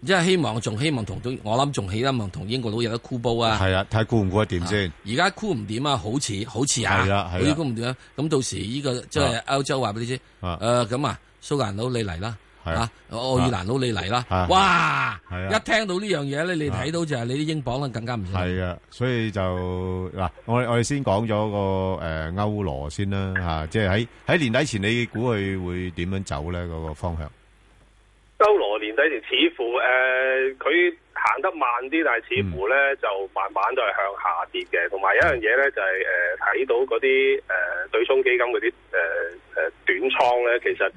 即係希望，仲希望同我諗，仲希望同英國佬有得箍煲啊。係啊，睇箍唔箍得掂先。而家箍唔掂啊？好似好似啊！係啊係啊，箍唔掂啊？咁到時呢個即係歐洲話俾你知。啊，咁啊，呃，蘇格蘭佬你嚟啦！係啊，愛爾蘭佬你嚟啦！哇，一聽到呢樣嘢咧，你睇到就係你啲英鎊咧更加唔同。係啊，所以就嗱，我我哋先講咗個誒歐羅先啦吓，即係喺喺年底前你估佢會點樣走咧？嗰、嗰個方向。歐羅年底前似乎誒，佢、呃、行得慢啲，但係似乎咧就慢慢都係向下跌嘅。同埋有一樣嘢咧，就係誒睇到嗰啲誒對沖基金嗰啲誒誒短倉咧，其實誒。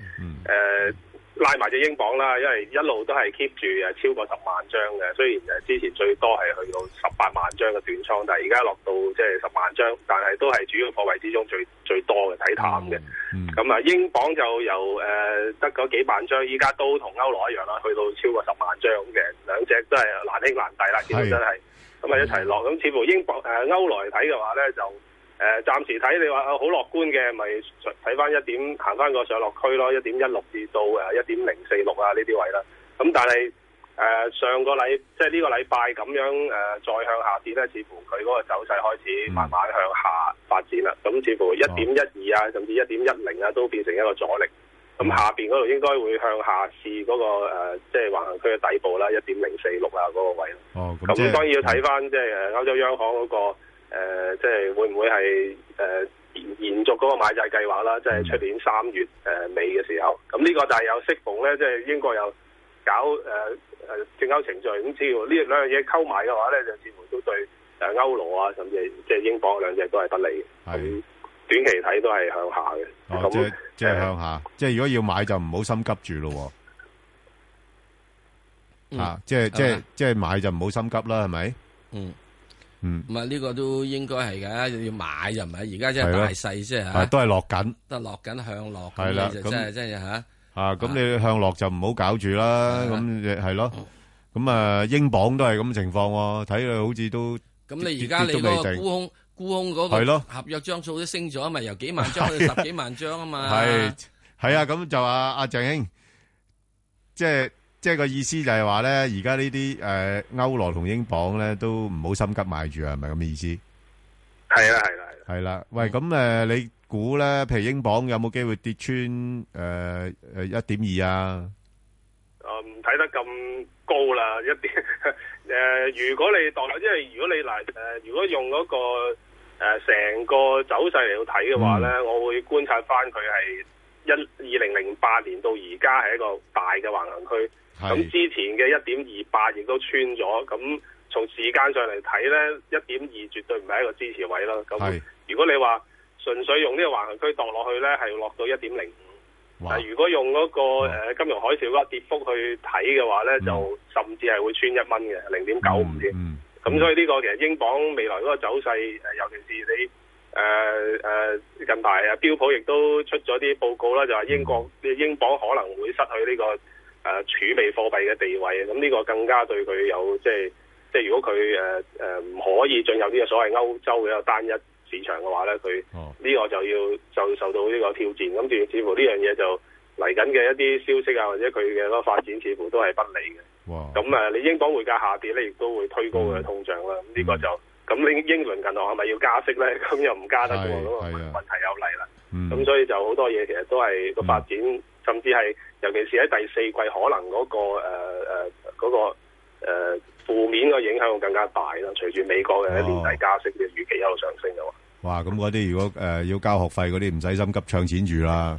呃嗯拉埋隻英鎊啦，因為一路都係 keep 住誒超過十萬張嘅，雖然誒之前最多係去到十八萬張嘅短倉，但係而家落到即係十萬張，但係都係主要貨幣之中最最多嘅睇淡嘅。咁、哦、啊、嗯，英鎊就由誒、呃、得嗰幾萬張，依家都同歐羅一樣啦，去到超過十萬張嘅兩隻都係難兄難弟啦，其實真係咁啊一齊落咁，咁似乎英鎊誒、呃、歐羅嚟睇嘅話咧就。誒、呃、暫時睇你話好樂觀嘅，咪睇翻一點行翻個上落區咯，一點一六至到誒一點零四六啊呢啲位啦。咁、嗯、但係誒、呃、上個禮即係呢個禮拜咁樣誒、呃、再向下跌咧，似乎佢嗰個走勢開始慢慢向下發展啦。咁、嗯、似乎一點一二啊、哦，甚至一點一零啊，都變成一個阻力。咁、嗯、下邊嗰度應該會向下試嗰、那個即係、呃就是、橫行區嘅底部啦，一點零四六啊嗰、那個位。咁、哦、即、就是、當然要睇翻即係歐洲央行嗰、那個。誒、呃，即、就、係、是、會唔會係誒、呃、延續嗰個買債計劃啦？即係出年三月誒尾嘅時候，咁呢個就係有適逢咧，即、就、係、是、英國又搞誒誒、呃啊、政歐程序，咁只要呢兩樣嘢溝埋嘅話咧，就似乎都對誒歐羅啊，甚至即係英鎊兩隻都係不利。係短期睇都係向下嘅、哦。哦，即係向下。嗯、即係如果要買就唔好心急住咯。啊即係即係即係買就唔好心急啦，係咪？嗯。嗯，唔係呢個都應該係噶，要買又唔係，而家真係大細即係吓，都係落緊，都係落緊向落，就真係真係吓。啊，咁你向落就唔好搞住啦，咁係咯，咁啊英鎊都係咁情況，睇佢好似都，咁你而家你沽空沽空嗰個合約張數都升咗啊嘛，由幾萬張到十幾萬張啊嘛，係係啊，咁就阿阿鄭兄，即係。即係個意思就係話咧，而家呢啲誒歐羅同英鎊咧，都唔好心急買住啊，係咪咁嘅意思？係啦，係啦，係啦。係啦，喂，咁誒，你估咧，譬如英鎊有冇機會跌穿誒誒、呃呃、一點二啊？誒，唔睇得咁高啦，一啲誒，如果你當，因為如果你嗱誒、呃，如果用嗰、嗰個誒成、呃、個走勢嚟到睇嘅話咧、嗯，我會觀察翻佢係一二零零八年到而家係一個大嘅橫行區。咁之前嘅一點二八亦都穿咗，咁從時間上嚟睇咧，一點二絕對唔係一個支持位啦。咁如果你話純粹用個環境呢個橫行區墮落去咧，係落到一點零五。哇！但如果用嗰個金融海嘯嘅跌幅去睇嘅話咧，嗯，就甚至係會穿一蚊嘅零點九五添。咁、嗯嗯，所以呢個其實英鎊未來嗰個走勢，尤其是你誒誒，呃呃，近排啊，標普亦都出咗啲報告啦，就話英國、嗯、英鎊可能會失去呢、呢個。誒、啊、儲備貨幣嘅地位，咁呢個更加對佢有即係即係，如果佢誒唔可以進入呢個所謂歐洲嘅一個單一市場嘅話咧，佢呢個就要就要受到呢個挑戰。咁而似乎呢樣嘢就嚟緊嘅一啲消息啊，或者佢嘅嗰個發展似乎都係不利嘅。哇！咁、啊、你英鎊匯價下跌咧，亦都會推高佢嘅通脹啦。咁、嗯、呢、呢個就咁，你英英倫銀行係咪要加息咧？咁又唔加得喎，咁啊問題又嚟啦。咁、嗯、所以就好多嘢其實都係個、嗯、發展。甚至係，尤其是喺第四季，可能嗰、嗰個誒誒嗰個、呃、負面嘅影響更加大啦。隨住美國嘅年底加息嘅預期一路上升嘅話，哇！咁嗰啲如果、呃、要交學費嗰啲，唔使心急搶錢住啦。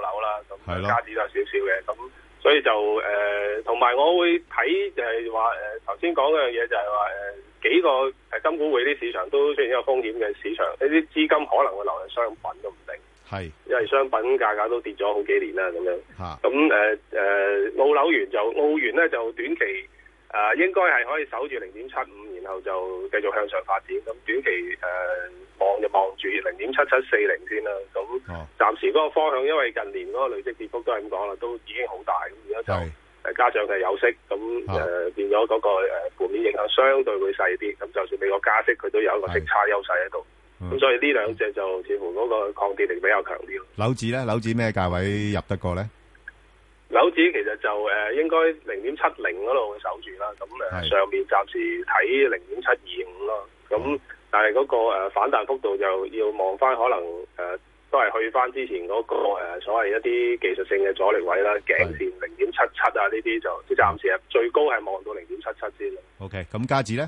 樓啦，咁加跌咗少少嘅，咁所以就誒，同、呃、埋我會睇就係話誒，頭先講樣嘢，就係話誒，幾個誒金股匯啲市場都出現一個風險嘅市場，呢啲資金可能會流入商品都唔定，係，因為商品價格都跌咗好幾年啦，咁樣，吓，咁誒誒，澳紐元就澳元咧就短期。誒、呃、應該係可以守住零點七五，然後就繼續向上發展。咁短期誒望、呃、就望住零點七七四零先啦。咁暫時嗰個方向，因為近年嗰個累積跌幅都係咁講啦，都已經好大。咁而家就誒加上佢係有息，咁誒變咗嗰個誒盤、呃、面影響相對會細啲。咁就算美國加息，佢都有一個息差優勢喺度。咁所以呢兩隻就似乎嗰個抗跌力比較強啲咯。樓、嗯嗯、子咧，樓子咩價位入得過咧？樓指其實就誒應該零點七零嗰度守住啦，咁上面暫時睇零點七二五咯。咁但係嗰個反彈幅度就要望翻，可能誒都係去翻之前嗰個所謂一啲技術性嘅阻力位啦，頸線零點七七啊，呢啲就即係暫時最高係望到零點七七先啦，OK，咁加指咧？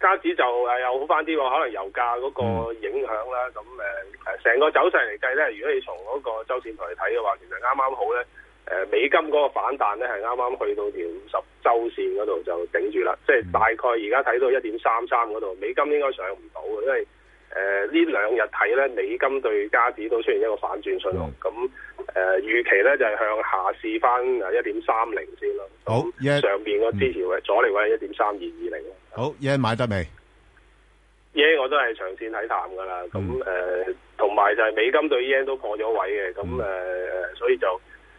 加指就誒又好翻啲，可能油價嗰個影響啦。咁誒成個走勢嚟計咧，如果你從嗰個周線圖去睇嘅話，其實啱啱好咧。誒、呃、美金嗰個反彈呢係啱啱去到條五十週線嗰度就頂住啦，即、就、係、是、大概而家睇到一點三三嗰度，美金應該上唔到嘅，因為呢兩日睇呢，美金對加指都出現一個反轉信號，咁誒預期呢就係、是、向下試返啊一點三零先咯。好 y 上邊個支條、嗯、位阻力位係一點三二二零，好，yen 買得未？yen 我都係長線睇淡㗎啦，咁誒同埋就係美金對 yen 都破咗位嘅，咁誒、嗯呃、所以就。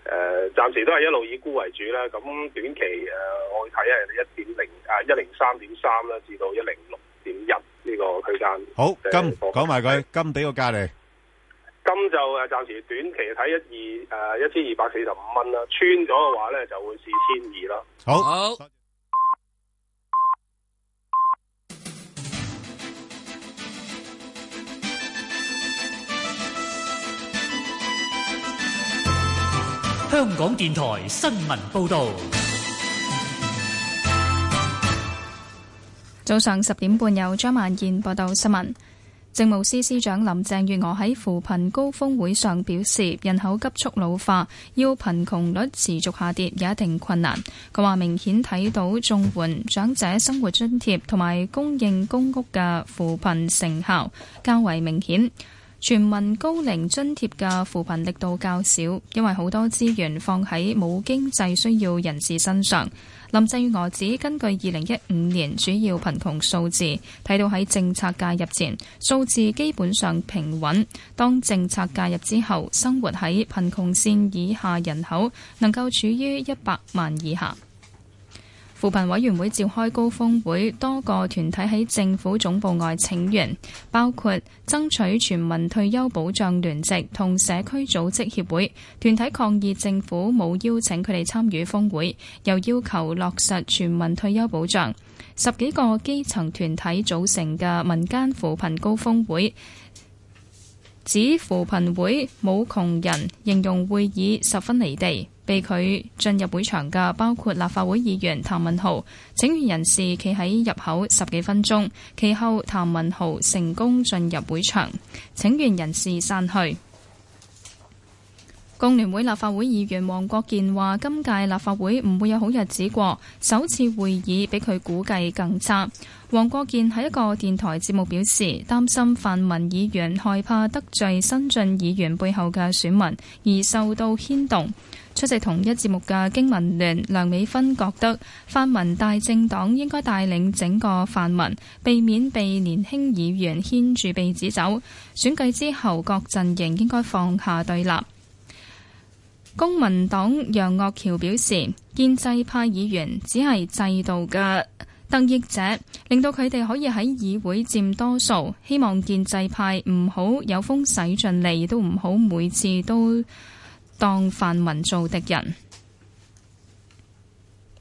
誒、呃，暫時都係一路以沽為主啦。咁短期誒、呃，我睇係一點零啊、呃，一零三點三啦，至到一零六點一呢個區間。好，金講埋佢，金畀個價嚟？金就誒，暫時短期睇一二誒，一千二百四十五蚊啦。穿咗嘅話咧，就會試千二啦。好。好香港電台新聞報道，早上十點半有張萬燕報道新聞。政務司司長林鄭月娥喺扶貧高峰會上表示，人口急速老化，要貧窮率持續下跌有一定困難。佢話明顯睇到綜援、長者生活津貼同埋供應公屋嘅扶貧成效較為明顯。全民高齡津貼嘅扶貧力度較少，因為好多資源放喺冇經濟需要人士身上。林鄭月娥指，根據二零一五年主要貧窮數字，睇到喺政策介入前，數字基本上平穩，當政策介入之後，生活喺貧窮線以下人口能夠處於一百萬以下。扶貧委員會召開高峰會，多個團體喺政府總部外請願，包括爭取全民退休保障聯席同社區組織協會。團體抗議政府冇邀請佢哋參與峰會，又要求落實全民退休保障。十幾個基層團體組成嘅民間扶貧高峰會，指扶貧會冇窮人，形容會議十分離地。被佢進入會場嘅包括立法會議員譚文豪。請願人士，企喺入口十幾分鐘，其後譚文豪成功進入會場，請願人士散去。工聯會立法會議員黃國健話：今屆立法會唔會有好日子過，首次會議比佢估計更差。黃國健喺一個電台節目表示，擔心泛民議員害怕得罪新晉議員背後嘅選民而受到牽動。出席同一節目嘅經民聯梁美芬覺得泛民大政黨應該帶領整個泛民，避免被年輕議員牽住鼻子走。選舉之後，各陣營應該放下對立。公民黨楊岳橋表示，建制派議員只係制度嘅得益者，令到佢哋可以喺議會佔多數。希望建制派唔好有風使盡嚟，亦都唔好每次都當泛民做敵人。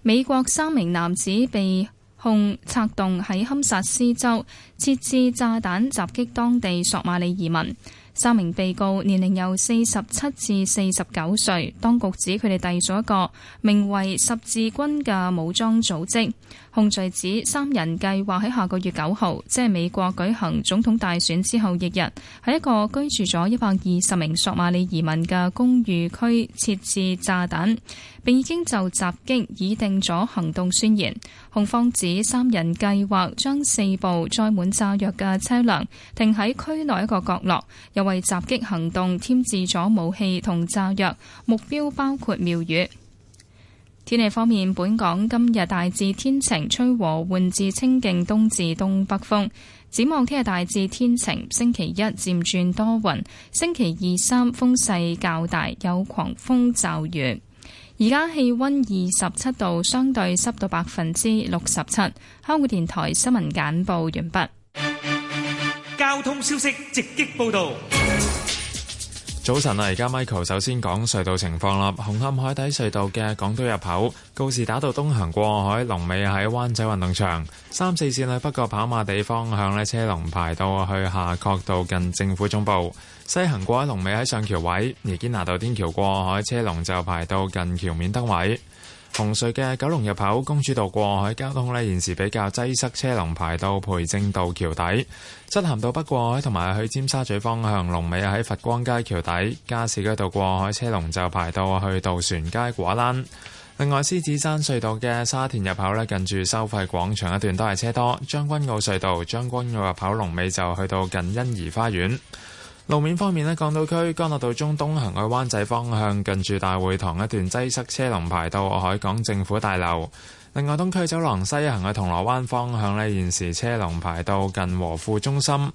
美國三名男子被控策動喺堪薩斯州設置炸彈襲擊當地索馬里移民。三名被告年齡由四十七至四十九歲。當局指佢哋隸屬一個名為十字軍嘅武裝組織。控罪指三人計劃喺下個月九號，即係美國舉行總統大選之後翌日，喺一個居住咗一百二十名索馬里移民嘅公寓區設置炸彈，並已經就襲擊擬定咗行動宣言。控方指三人計劃將四部載滿炸藥嘅車輛停喺區內一個角落，又為襲擊行動添置咗武器同炸藥，目標包括廟宇。天氣方面，本港今日大致天晴，吹和緩至清勁東至東北風。展望聽日大致天晴，星期一漸轉多雲，星期二三風勢較大，有狂風驟雨。而家氣溫二十七度，相對濕度百分之六十七。香港電台新聞簡報完畢。交通消息直擊報道。早晨啊！而家 Michael 首先講隧道情況啦。紅磡海底隧道嘅港島入口，告士打道東行過海龍尾喺灣仔運動場，三四線去北角跑馬地方向呢車龍排到去下角道近政府總部；西行過海龍尾喺上橋位，而堅拿道天橋過海車龍就排到近橋面燈位。紅隧嘅九龍入口公主道過海交通呢，現時比較擠塞車龍，車龍排到培正道橋底；漆咸道北過海同埋去尖沙咀方向龍尾喺佛光街橋底；加士居道過海車龍就排到去渡船街果欄。另外，獅子山隧道嘅沙田入口呢，近住收費廣場一段都係車多。將軍澳隧道將軍澳入口龍尾就去到近欣怡花園。路面方面咧，港島區江諾道中東行去灣仔方向，近住大會堂一段擠塞，車龍排到海港政府大樓。另外，東區走廊西行去銅鑼灣方向咧，現時車龍排到近和富中心。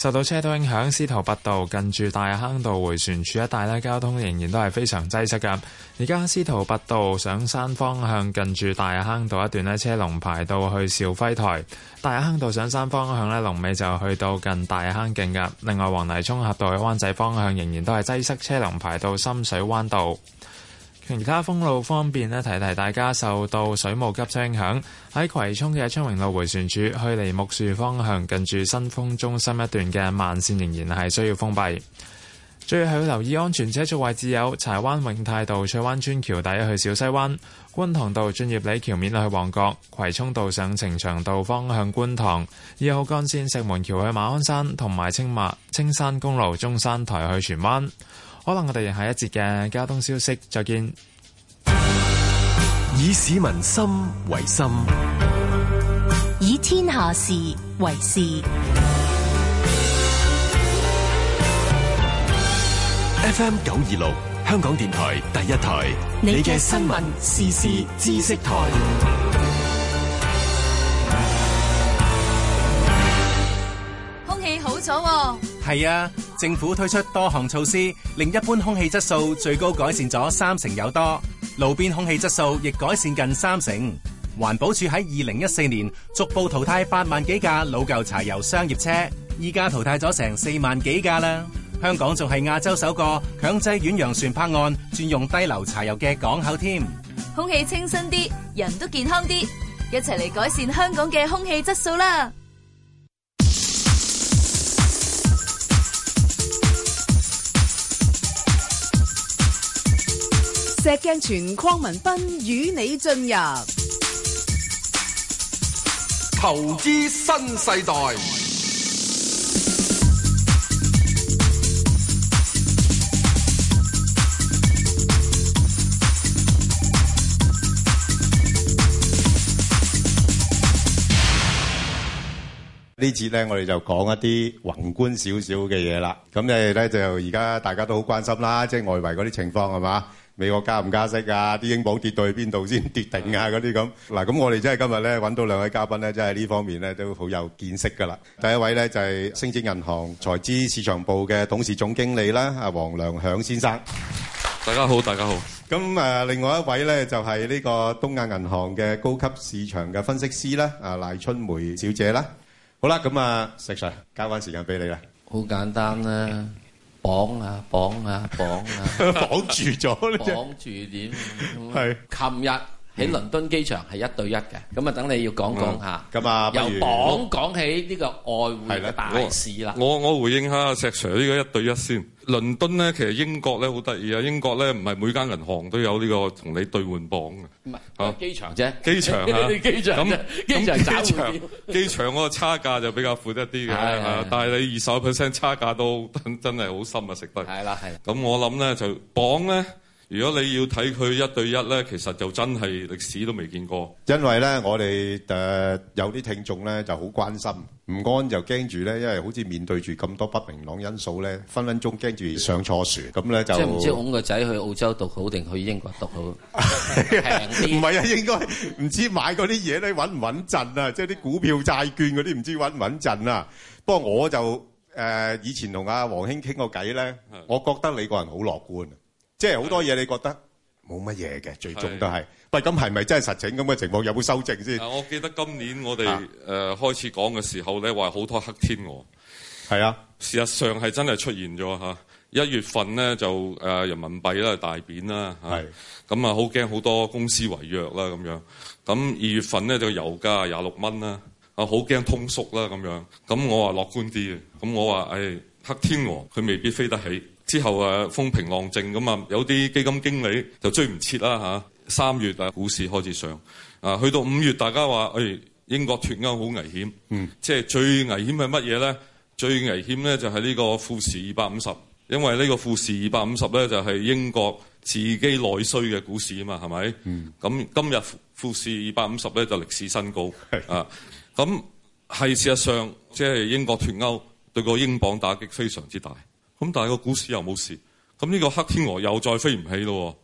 受到車多影響，司徒拔道近住大坑道迴旋處一帶咧，交通仍然都係非常擠塞嘅。而家司徒拔道上山方向近住大坑道一段咧，車龍排到去兆輝台；大坑道上山方向咧，龍尾就去到近大坑徑嘅。另外，黃泥涌峽道嘅灣仔方向仍然都係擠塞，車龍排到深水灣道。其他封路方面呢，提提大家。受到水務急車影響，喺葵涌嘅昌榮路迴旋處去梨木樹方向，近住新豐中心一段嘅慢線仍然係需要封閉。最後要留意安全車速位置有柴灣永泰道翠灣村橋底去小西灣、觀塘道俊業里橋面去旺角、葵涌道上呈祥道方向觀塘、二號幹線石門橋去馬鞍山同埋青馬青山公路中山台去荃灣。可能我哋下一節嘅交通消息，再見。以市民心為心，以天下事為事。FM 九二六，香港電台第一台，你嘅新聞時事知識台。咗係 啊！政府推出多項措施，令一般空氣質素最高改善咗三成有多，路邊空氣質素亦改善近三成。環保署喺二零一四年逐步淘汰八萬幾架老舊柴油商業車，依家淘汰咗成四萬幾架啦。香港仲係亞洲首個強制遠洋船泊岸轉用低硫柴油嘅港口添。空氣清新啲，人都健康啲，一齊嚟改善香港嘅空氣質素啦！石鏡泉、鄺民彬與你進入投資新世代。呢節咧，我哋就講一啲宏觀少少嘅嘢啦。咁你咧就而家大家都好關心啦，即係外圍嗰啲情況係嘛？美國加唔加息啊？啲英鎊跌到去邊度先跌定啊？嗰啲咁嗱，咁我哋真係今日咧揾到兩位嘉賓咧，真係呢方面咧都好有見識噶啦。第一位咧就係星展銀行財資市場部嘅董事總經理啦，阿黃良響先生，大家好，大家好。咁誒，另外一位咧就係呢個東亞銀行嘅高級市場嘅分析師啦，阿賴春梅小姐啦。好啦，咁啊，石 Sir，交翻時間俾你啦。好簡單啦。綁啊綁啊綁啊綁 住咗了，綁 住點？係琴 是日喺倫敦機場係一對一嘅，咁啊等你要講講下，咁啊由綁講起呢個外匯嘅大事啦。我我回應下阿石 Sir 呢個一對一先。倫敦咧，其實英國咧好得意啊！英國咧唔係每間銀行都有呢、呢個同你兌換鎊嘅，嚇、啊、機場啫，機場啊，咁 機場、機場、機場嗰個差， 差價就比較闊得啲嘅，但係你二十 percent 差價都真真係好深啊，食得係啦，係啦，咁我諗咧就鎊咧。如果你要睇佢一對一咧，其實就真係歷史都未見過。因為咧，我哋誒有啲聽眾咧就好關心，唔安就驚住咧，因為好似面對住咁多不明朗因素咧，分分鐘驚住上錯船。咁咧就即係唔知供個仔去澳洲讀好定去英國讀好？唔係啊，應該唔知買嗰啲嘢咧穩唔穩陣啊？即係啲股票、債券嗰啲唔知穩唔穩陣啊？不過我就誒以前同阿黃兄傾過偈咧，我覺得你個人好樂觀。即係好多嘢，你覺得冇乜嘢嘅，最終都係喂，咁係咪真係實情咁嘅情況？有冇修正先？我記得今年我哋誒、啊呃、開始講嘅時候咧，話好多黑天鵝，係啊，事實上係真係出現咗嚇。一月份咧就誒、呃、人民幣咧大貶啦，係咁啊，好驚好多公司違約啦咁樣。咁二月份咧就油價廿六蚊啦，啊好驚通縮啦咁樣。咁我話樂觀啲嘅，咁我話誒、哎、黑天鵝佢未必飛得起。之後誒風平浪靜咁啊，有啲基金經理就追唔切啦嚇。三月啊，股市開始上啊，去到五月大家話，誒英國脱歐好危險。嗯，即係最危險係乜嘢咧？最危險咧就係呢個富時二百五十，因為呢個富時二百五十咧就係英國自己內需嘅股市啊嘛，係咪？嗯。咁今日富時二百五十咧就歷史新高。啊。咁係事實上，即係英國脱歐對個英鎊打擊非常之大。咁但係個股市又冇事，咁、這、呢個黑天鵝又再飛唔起咯。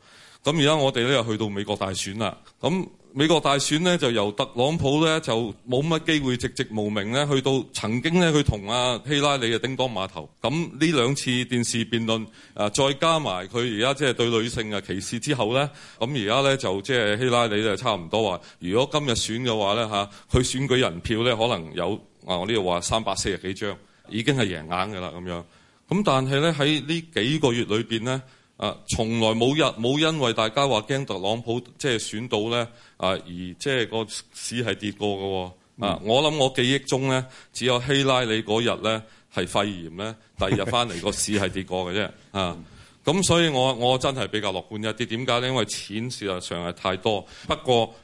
咁而家我哋咧又去到美國大選啦。咁美國大選咧就由特朗普咧就冇乜機會寂寂無名咧，去到曾經咧佢同阿希拉里嘅叮噹碼頭。咁呢兩次電視辯論啊，再加埋佢而家即係對女性嘅歧視之後咧，咁而家咧就即係希拉里咧差唔多話，如果今日選嘅話咧嚇，佢選舉人票咧可能有啊，我呢度話三百四十幾張，已經係贏硬㗎啦咁樣。咁但係咧喺呢幾個月裏面咧，啊，從來冇日冇因為大家話驚特朗普即係選到咧，啊，而即係個市係跌過嘅喎。啊、嗯，我諗我記憶中咧，只有希拉里嗰日咧係肺炎咧，第二日翻嚟個市係跌過嘅啫。啊、嗯，咁所以我我真係比較樂觀一啲。點解咧？因為錢事實上係太多。不過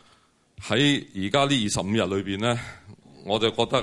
喺而家呢二十五日裏面咧，我就覺得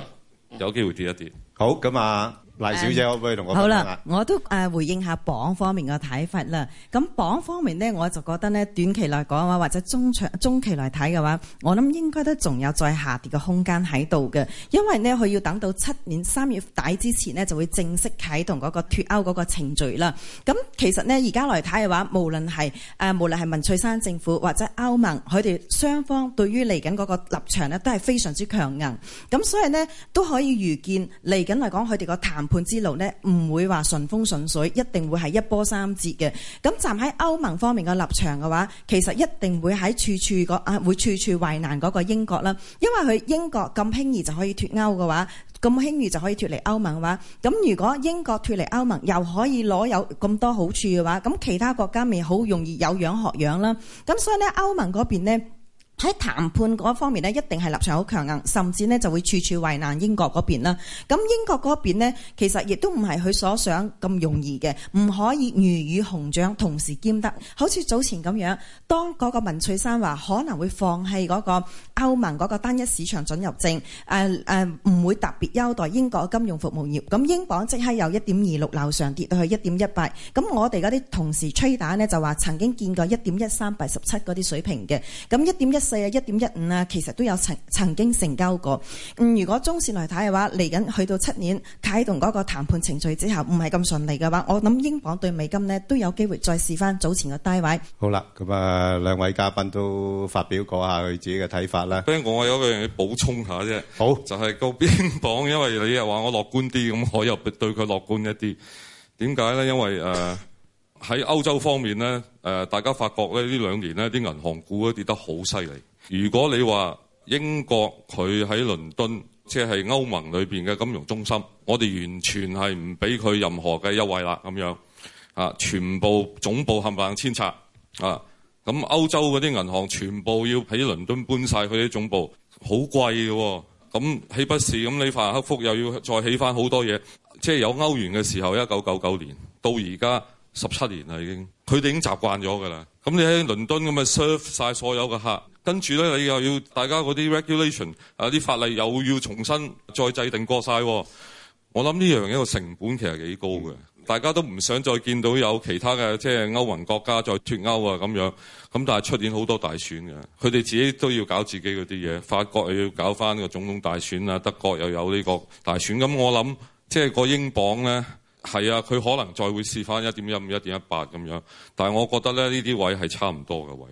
有機會跌一跌。好，咁啊。黎小姐可唔可以同我講下？嗯、好啦，我都誒回應下榜方面嘅睇法啦。咁榜方面呢，我就覺得呢，短期嚟講嘅話或者中長中期嚟睇嘅話，我諗應該都仲有再下跌嘅空間喺度嘅，因為呢，佢要等到七年三月底之前呢，就會正式啟動嗰個脱歐嗰個程序啦。咁其實呢，而家來睇嘅話，無論係誒，無論係文翠珊政府或者歐盟，佢哋雙方對於嚟緊嗰個立場呢，都係非常之強硬。咁所以呢，都可以預見嚟緊嚟講佢哋個談判判之路呢，唔會話順風順水，一定會係一波三折嘅。咁站喺歐盟方面嘅立場嘅話，其實一定會喺處處啊，會處處為難嗰個英國啦，因為佢英國咁輕易就可以脱歐嘅話，咁輕易就可以脱離歐盟嘅話，咁如果英國脱離歐盟又可以攞有咁多好處嘅話，咁其他國家咪好容易有樣學樣啦。咁所以呢，歐盟嗰邊呢。喺談判嗰方面呢，一定係立場好強硬，甚至呢就會處處為難英國嗰邊啦。咁英國嗰邊咧，其實亦都唔係佢所想咁容易嘅，唔可以魚與熊掌同時兼得。好似早前咁樣，當嗰個文翠珊話可能會放棄嗰個歐盟嗰個單一市場准入證，誒誒唔會特別優待英國金融服務業，咁英鎊即刻由一點二六樓上跌到去一點一八。咁我哋嗰啲同事 trader 呢，就話曾經見過一點一三八十七嗰啲水平嘅，咁一點一四啊，一點一五啊，其實都有曾曾經成交過。嗯，如果中線嚟睇嘅話，嚟緊去到七年啟動嗰個談判程序之後，唔係咁順利嘅話，我諗英鎊對美金呢都有機會再試翻早前嘅低位。好啦，咁啊兩位嘉賓都發表過下佢自己嘅睇法啦。跟住我有樣嘢補充下啫。好，就係個英鎊，因為你又話我樂觀啲，咁我又對佢樂觀一啲。點解咧？因為啊。 喺歐洲方面咧，誒大家發覺咧呢兩年呢啲銀行股都跌得好犀利。如果你話英國佢喺倫敦，即係歐盟裏面嘅金融中心，我哋完全係唔俾佢任何嘅優惠啦。咁樣啊，全部總部冚唪唥遷冊啊。咁歐洲嗰啲銀行全部要喺倫敦搬晒佢啲總部，好貴嘅。咁起不是咁？你法克福又要再起翻好多嘢，即係有歐元嘅時候，一九九九年到而家。十七年啦，已經佢哋已經習慣咗㗎啦。咁你喺倫敦咁啊，serve 晒所有嘅客，跟住咧你又要大家嗰啲 regulation 啊啲法例又要重新再制定過晒喎。我諗呢樣嘢個成本其實幾高嘅，大家都唔想再見到有其他嘅即係歐盟國家再脫歐啊咁樣。咁但係出年好多大選嘅，佢哋自己都要搞自己嗰啲嘢。法國又要搞翻個總統大選啊，德國又有呢個大選。咁我諗即係個英鎊咧。係啊，佢可能再會試翻一點一五、一點一八咁樣，但係我覺得咧呢啲位係差唔多嘅位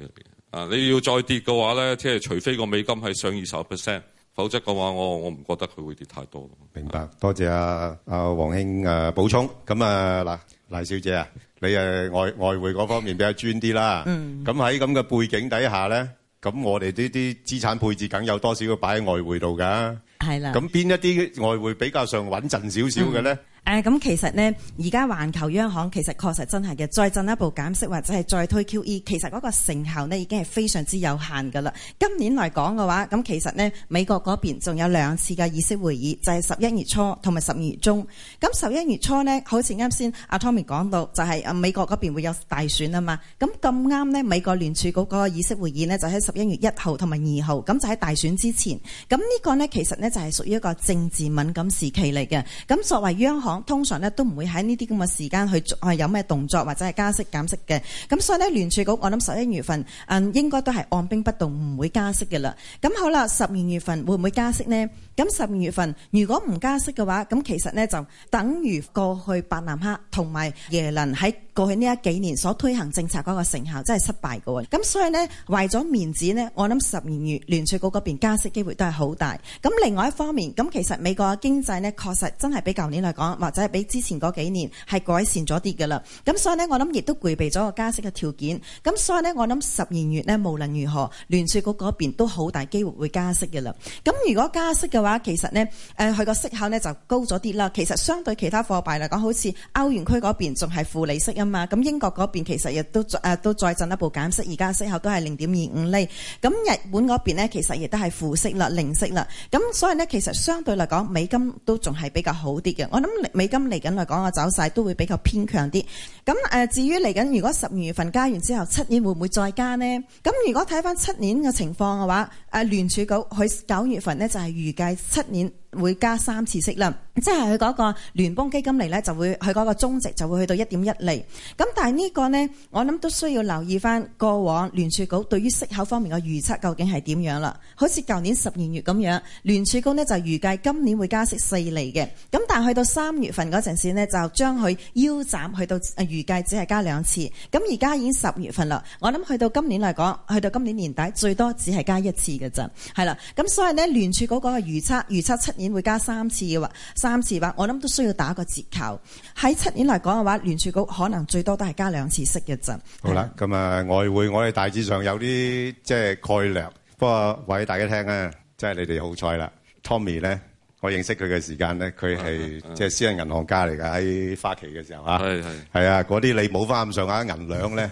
啊，你要再跌嘅話咧，即係除非個美金係上二十 percent，否則嘅話我我唔覺得佢會跌太多。明白，啊、多謝啊啊黃兄誒補充。咁啊嗱，黎小姐啊，你外外匯嗰方面比較專啲啦。嗯。咁喺咁嘅背景底下咧，咁我哋呢啲資產配置梗有多少要擺喺外匯度㗎。係啦。咁邊一啲外匯比較上穩陣少少嘅咧？嗯誒、啊、咁其實呢，而家環球央行其實確實真係嘅，再進一步減息或者係再推 QE，其實嗰個成效呢已經係非常之有限㗎啦。今年來講嘅話，咁其實呢，美國嗰邊仲有兩次嘅議息會議，就係十一月初同埋十二月中。咁十一月初呢，好似啱先阿 Tommy 講到，就係、是、美國嗰邊會有大選啊嘛。咁咁啱呢，美國聯儲局嗰個議息會議呢，就喺十一月一號同埋二號，咁就喺大選之前。咁呢個呢，其實呢，就係、是、屬於一個政治敏感時期嚟嘅。咁作為央行，通常咧都唔會喺呢啲咁嘅時間去有咩動作或者係加息減息嘅，咁所以呢聯儲局我諗十一月份嗯應該都係按兵不動，唔會加息嘅啦。咁好啦，十二月份會唔會加息呢？咁十二月份如果唔加息嘅話，咁其實呢就等於過去伯南克同埋耶倫喺過去呢一幾年所推行政策嗰個成效真係失敗喎。咁所以呢，為咗面子呢，我諗十二月聯儲局嗰邊加息機會都係好大。咁另外一方面，咁其實美國嘅經濟呢確實真係比舊年嚟講。或者係比之前嗰幾年係改善咗啲嘅啦，咁所以呢，我諗亦都具備咗個加息嘅條件，咁所以呢，我諗十二月呢，無論如何，聯儲局嗰邊都好大機會會加息嘅啦。咁如果加息嘅話，其實呢，誒佢個息口呢就高咗啲啦。其實相對其他貨幣嚟講，好似歐元區嗰邊仲係負利息啊嘛。咁英國嗰邊其實亦都誒、呃、都再進一步減息，而家息口都係零點二五厘。咁日本嗰邊呢其實亦都係負息啦、零息啦。咁所以呢，其實相對嚟講，美金都仲係比較好啲嘅。我諗。美金嚟緊嚟講啊，走勢都會比較偏強啲。咁至於嚟緊，如果十二月份加完之後，七年會唔會再加呢？咁如果睇返七年嘅情況嘅話，誒聯儲局喺九月份呢就係預計七年。會加三次息啦，即係佢嗰個聯邦基金嚟呢，就會佢嗰個中值就會去到一點一厘。咁但係呢個呢，我諗都需要留意返過往聯儲局對於息口方面嘅預測究竟係點樣啦。好似舊年十二月咁樣，聯儲局呢就預計今年會加息四厘嘅。咁但係去到三月份嗰陣時呢，就將佢腰斬去到、啊、預計只係加兩次。咁而家已經十月份啦，我諗去到今年嚟講，去到今年年底最多只係加一次嘅咋。係啦，咁所以呢，聯儲局嗰個預測預測出。年會加三次嘅話，三次話，我諗都需要打個折扣。喺七年嚟講嘅話，聯儲局可能最多都係加兩次息嘅啫。好啦，咁啊外匯，我哋大致上有啲即係概念。不過話俾大家聽啊，即係你哋好彩啦。Tommy 咧，我認識佢嘅時間咧，佢係即係私人銀行家嚟㗎，喺花旗嘅時候嚇。係係係啊，嗰啲你冇返咁上下銀兩咧，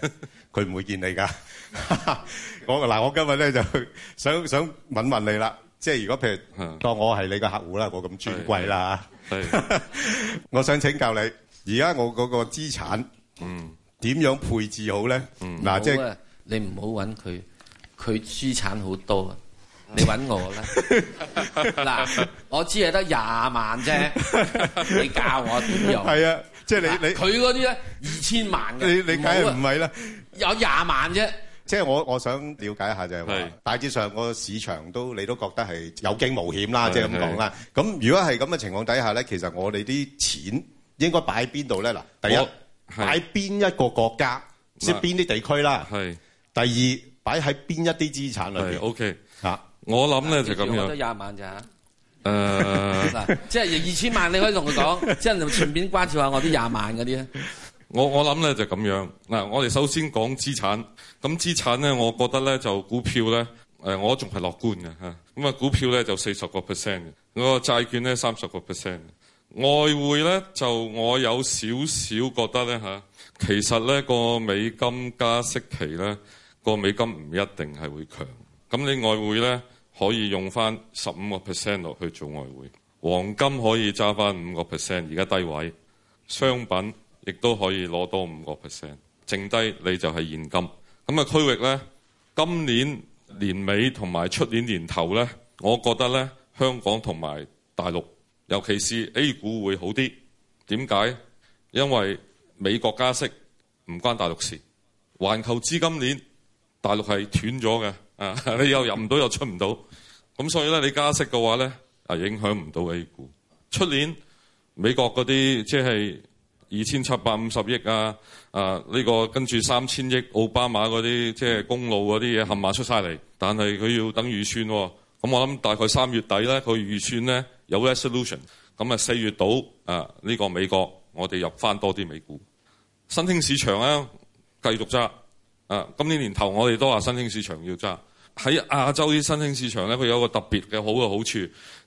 佢唔會見你㗎。我嗱，我今日咧就想想問問你啦。即係如果譬如當我係你個客戶啦，我咁尊貴啦 我想請教你，而家我嗰個資產點樣配置好咧？嗱、嗯，即、啊、係、即係、你唔好揾佢，佢資產好多啊，你揾我啦。嗱，我只係得廿萬啫，你教我點用？係啊，即係你你佢嗰啲咧二千萬㗎，你你梗係唔係啦？有廿萬啫。即係我我想了解一下就係、是、話，大致上個市場都你都覺得係有驚無險啦，即係咁講啦。咁、就是、如果係咁嘅情況底下咧，其實我哋啲錢應該擺喺邊度咧？嗱，第一擺邊一個國家，即係邊啲地區啦。係。第二擺喺邊一啲資產裏邊。O K 嚇，我諗咧就咁樣。我得廿萬咋、啊？誒、呃，即係二千萬，你可以同佢講，即係順便關照下我啲廿萬嗰啲咧。我我諗咧就咁樣嗱。我哋首先講資產，咁資產咧，我覺得咧就股票咧，誒，我仲係樂觀嘅嚇。咁啊，股票咧就四十個 percent，個債券咧三十個 percent。外匯咧就我有少少覺得咧嚇、啊，其實咧個美金加息期咧，個美金唔一定係會強。咁你外匯咧可以用翻十五個 percent 落去做外匯，黃金可以揸翻五個 percent，而家低位商品。亦都可以攞多五個 percent，剩低你就係現金咁啊。區域咧，今年年尾同埋出年年頭咧，我覺得咧，香港同埋大陸，尤其是 A 股會好啲。點解？因為美國加息唔關大陸事，環球資金鏈大陸係斷咗嘅啊！你又入唔到又出唔到，咁所以咧，你加息嘅話咧啊，影響唔到 A 股。出年美國嗰啲即係。二千七百五十億啊！啊，呢、這個跟住三千億奧巴馬嗰啲，即係公路嗰啲嘢冚唪唥出晒嚟。但係佢要等預算喎、哦。咁我諗大概三月底咧，佢預算咧有 resolution。咁啊，四月度啊，呢個美國我哋入返多啲美股。新興市場咧繼續揸。啊，今年年頭我哋都話新興市場要揸。喺亞洲啲新興市場咧，佢有個特別嘅好嘅好處，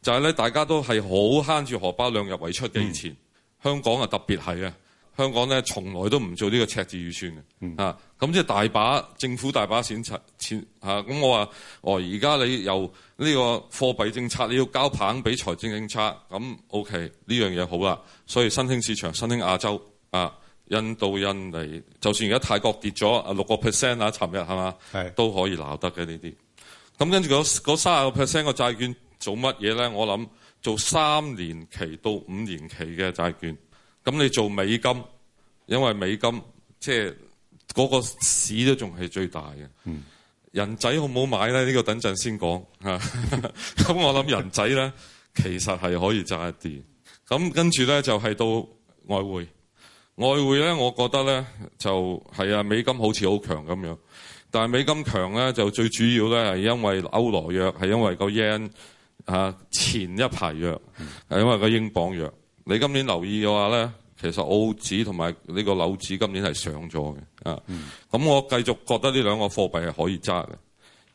就係、是、咧大家都係好慳住荷包，量入為出嘅以前。嗯香港啊，特別係啊！香港咧，從來都唔做呢個赤字預算嘅、嗯、啊！咁即係大把政府大把錢拆錢啊！咁我話：哦，而家你由呢個貨幣政策，你要交棒俾財政政策咁 OK，呢樣嘢好啦。所以新興市場、新興亞洲啊，印度、印尼，就算而家泰國跌咗啊六個 percent 啊，尋日係嘛，都可以鬧得嘅呢啲。咁跟住嗰嗰卅個 percent 個債券做乜嘢咧？我諗。做三年期到五年期嘅債券，咁你做美金，因為美金即係嗰個市都仲係最大嘅、嗯。人仔好唔好買咧？呢、呢個等陣先講。咁 我諗人仔咧， 其實係可以賺一啲。咁跟住咧就係、是、到外匯，外匯咧我覺得咧就係啊美金好似好強咁樣，但係美金強咧就最主要咧係因為歐羅弱，係因為個 yen。嚇前一排弱，係因為個英鎊弱。你今年留意嘅話咧，其實澳紙同埋呢個紐紙今年係上咗嘅。啊、嗯，咁我繼續覺得呢兩個貨幣係可以揸嘅。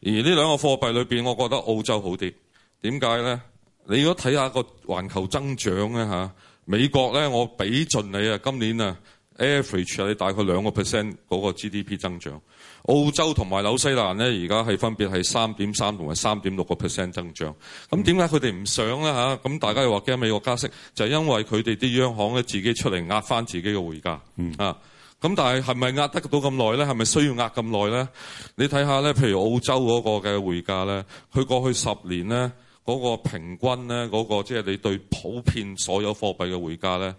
而呢兩個貨幣裏邊，我覺得澳洲好啲。點解咧？你如果睇下個環球增長咧嚇，美國咧我畀盡你啊，今年啊 average 啊，你大概兩個 percent 嗰個 GDP 增長。澳洲同埋紐西蘭咧，而家係分別係三點三同埋三點六個 percent 增長。咁點解佢哋唔想呢？嚇！咁大家又話驚美國加息，就係、是、因為佢哋啲央行咧自己出嚟壓翻自己嘅匯價、嗯、啊！咁但係係咪壓得到咁耐咧？係咪需要壓咁耐咧？你睇下咧，譬如澳洲嗰個嘅匯價咧，佢過去十年咧嗰、那個平均咧嗰、那個，即、就、係、是、你對普遍所有貨幣嘅匯價咧，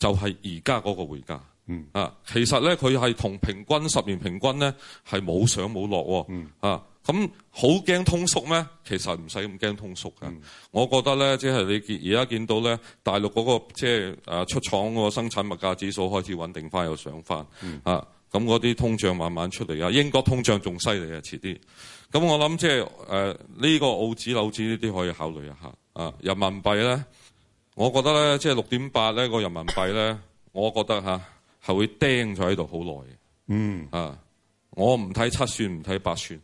就係而家嗰個匯價。嗯啊，其實咧佢係同平均十年平均咧係冇上冇落喎。嗯啊，咁好驚通縮咩？其實唔使咁驚通縮㗎、嗯。我覺得咧，即係你而家見到咧，大陸嗰個即係誒出廠嗰個生產物價指數開始穩定翻，又上翻、嗯。啊，咁嗰啲通脹慢慢出嚟啊。英國通脹仲犀利啊，遲啲。咁我諗即係誒呢個澳紙、紐紙呢啲可以考慮一下。啊，人民幣咧，我覺得咧即係六點八呢個人民幣咧，我覺得、啊係會釘咗喺度好耐嘅，嗯啊，我唔睇七算唔睇八算，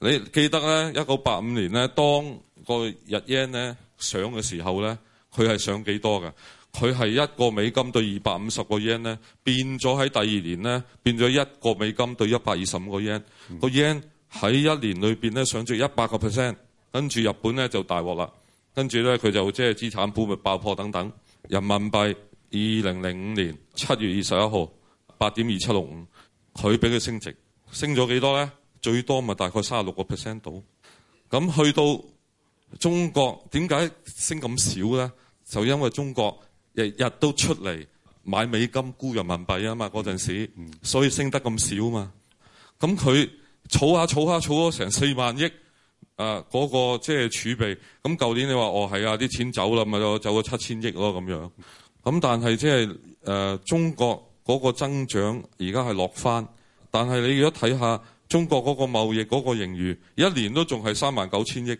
你記得咧？一九八五年咧，當個日 yen 咧上嘅時候咧，佢係上幾多㗎？佢係一個美金對二百五十個 yen 咧，變咗喺第二年咧，變咗一個美金對一百二十五個 yen，個 yen 喺一年裏邊咧上咗一百個 percent，跟住日本咧就大鑊啦，跟住咧佢就即係資產泡沫爆破等等，人民幣。二零零五年七月二十一號八點二七六五，佢俾佢升值，升咗幾多咧？最多咪大概三十六個 percent 度。咁去到中國點解升咁少咧？就因為中國日日都出嚟買美金沽人民幣啊嘛，嗰陣時，所以升得咁少啊嘛。咁佢儲下儲下儲咗成四萬億、呃嗰個哦、啊，嗰個即係儲備。咁舊年你話哦係啊，啲錢走啦，咪走咗七千億咯咁樣。咁但係即係誒中國嗰個增長而家係落翻，但係你如果睇下中國嗰個貿易嗰個盈餘，一年都仲係三萬九千億，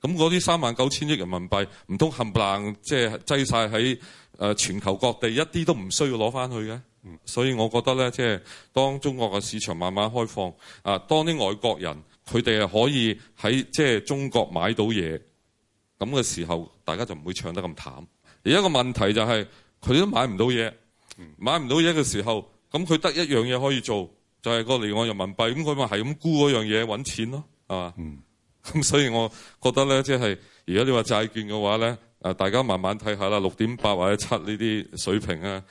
咁嗰啲三萬九千億人民幣唔通冚唪唥即係擠晒喺全球各地，一啲都唔需要攞翻去嘅。嗯。所以我覺得呢，即係當中國嘅市場慢慢開放，啊，當啲外國人佢哋係可以喺即係中國買到嘢，咁嘅時候，大家就唔會唱得咁淡。而一個問題就係。佢哋都買唔到嘢，買唔到嘢嘅時候，咁佢得一樣嘢可以做，就係個離岸人民幣，咁佢咪係咁沽嗰樣嘢揾錢咯，係嘛？咁、嗯、所以我覺得咧，即係如果你話債券嘅話咧，大家慢慢睇下啦，六點八或者七呢啲水平啊，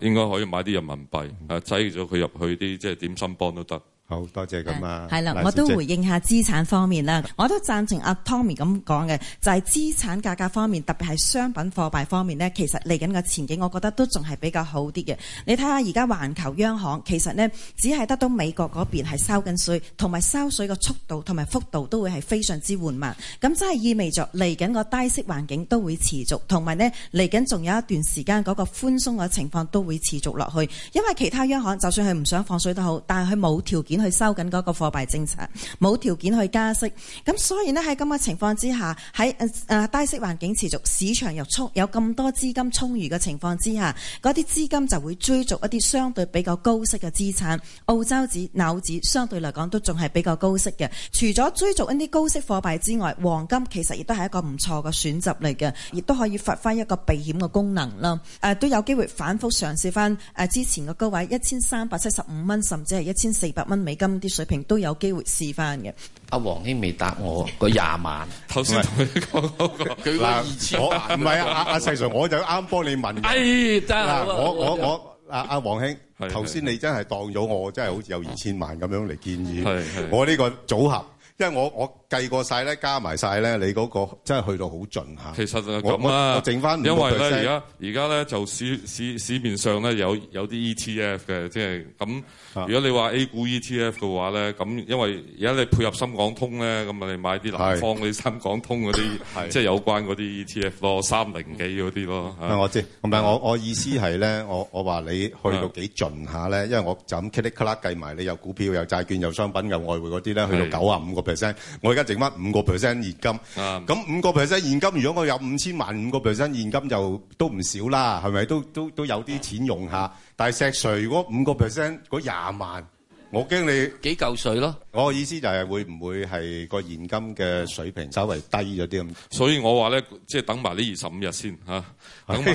應該可以買啲人民幣，啊擠咗佢入去啲即係點心幫都得。好多謝咁啊！係、嗯、啦、嗯嗯嗯嗯嗯嗯，我都回應下資產方面啦、嗯。我都贊成阿 Tommy 咁講嘅，就係、是、資產價格方面，特別係商品貨幣方面呢。其實嚟緊個前景，我覺得都仲係比較好啲嘅。你睇下而家環球央行其實呢只係得到美國嗰邊係收緊水，同埋收水嘅速度同埋幅度都會係非常之緩慢。咁真係意味着嚟緊個低息環境都會持續，同埋呢嚟緊仲有一段時間嗰、那個寬鬆嘅情況都會持續落去。因為其他央行就算佢唔想放水都好，但係佢冇條件。去收緊嗰個貨幣政策，冇條件去加息，咁所以咧喺咁嘅情況之下，喺誒、呃呃、低息環境持續，市場又充有咁多資金充裕嘅情況之下，嗰啲資金就會追逐一啲相對比較高息嘅資產，澳洲紙紐紙相對嚟講都仲係比較高息嘅。除咗追逐一啲高息貨幣之外，黃金其實亦都係一個唔錯嘅選擇嚟嘅，亦都可以發揮一個避險嘅功能啦。誒、呃、都有機會反覆嘗試翻誒、呃、之前嘅高位一千三百七十五蚊，甚至係一千四百蚊美金啲水平都有機會試翻嘅。阿黃興未答我個廿萬。頭先同佢講佢個二千唔係啊，阿阿石 sir，我就啱幫你問。係真係。我我我阿阿黃興，頭先 你真係當咗我，真係好似有二千萬咁樣嚟建議 我呢個組合。因為我我計過晒咧，加埋晒咧，你嗰個真係去到好盡嚇。其實係咁啦，因為咧而家而家咧就市市市面上咧有有啲 ETF 嘅，即係咁。如果你話 A 股 ETF 嘅話咧，咁因為而家你配合深港通咧，咁你買啲南方嗰啲深港通嗰啲，即係、就是、有關嗰啲 ETF 咯，三零幾嗰啲咯。我知，唔係我我意思係咧， 我我話你去到幾盡下咧，因為我就咁 click click 計埋你有股票、有債券、有商品、有外匯嗰啲咧，去到九啊五個。percent，我而家剩翻五個 percent 現金，咁五個 percent 現金，如果我有五千萬，五個 percent 現金就都唔少啦，係咪？都都都有啲錢用下。嗯、但係石 Sir 如果五個 percent 嗰廿萬，我驚你幾嚿水咯。我嘅意思就係、是、會唔會係個現金嘅水平稍微低咗啲咁？所以我話咧，即、就、係、是、等埋呢二十五日先嚇、啊，等埋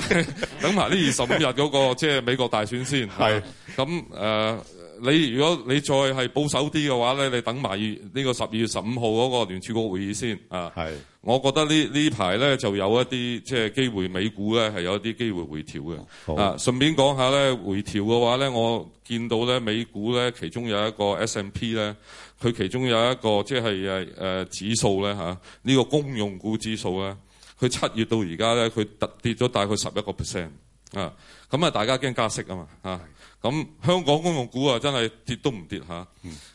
等埋呢二十五日嗰個即係 美國大選先。係咁誒。啊。你如果你再係保守啲嘅話咧，你等埋呢個十二月十五號嗰個聯儲局會議先啊。係，我覺得呢呢排咧就有一啲即係機會，美股咧係有一啲機會回調嘅。啊，順便講下咧，回調嘅話咧，我見到咧美股咧，其中有一個 S&P 咧，佢其中有一個即係誒誒指數咧吓，呢個公用股指數咧，佢七月到而家咧，佢突跌咗大概十一個 percent 啊。咁啊，大家驚加息啊嘛啊。咁香港公用股啊，真係跌都唔跌嚇。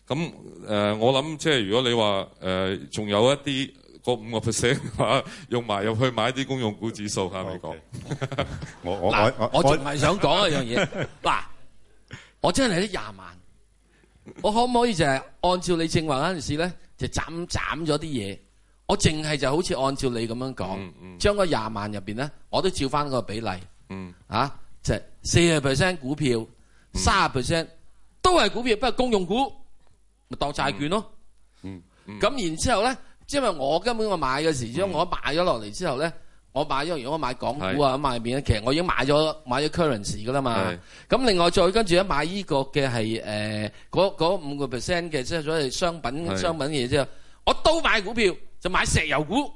咁、呃、誒，我諗即係如果你話誒，仲、呃、有一啲嗰五個 percent 嚇，用埋入去買啲公用股指數，係咪講？我我我我我淨係想講一樣嘢。嗱， 我真係啲廿萬，我可唔可以就係按照你正話嗰陣時咧，就斬斬咗啲嘢？我淨係就好似按照你咁樣講、嗯嗯，將嗰廿萬入邊咧，我都照翻嗰個比例。嗯。啊，就四十 percent 股票。三十 percent 都係股票，不過公用股咪當債券咯。咁、嗯嗯、然之後咧，因為我根本買、嗯、我買嘅時，如果我買咗落嚟之後咧，我買咗如果我買港股啊，買邊咧，其實我已經買咗買咗 currency 噶啦嘛。咁另外再跟住咧買呢個嘅係誒嗰嗰五個 percent 嘅即係所謂商品商品嘅嘢之後，我都買股票就買石油股。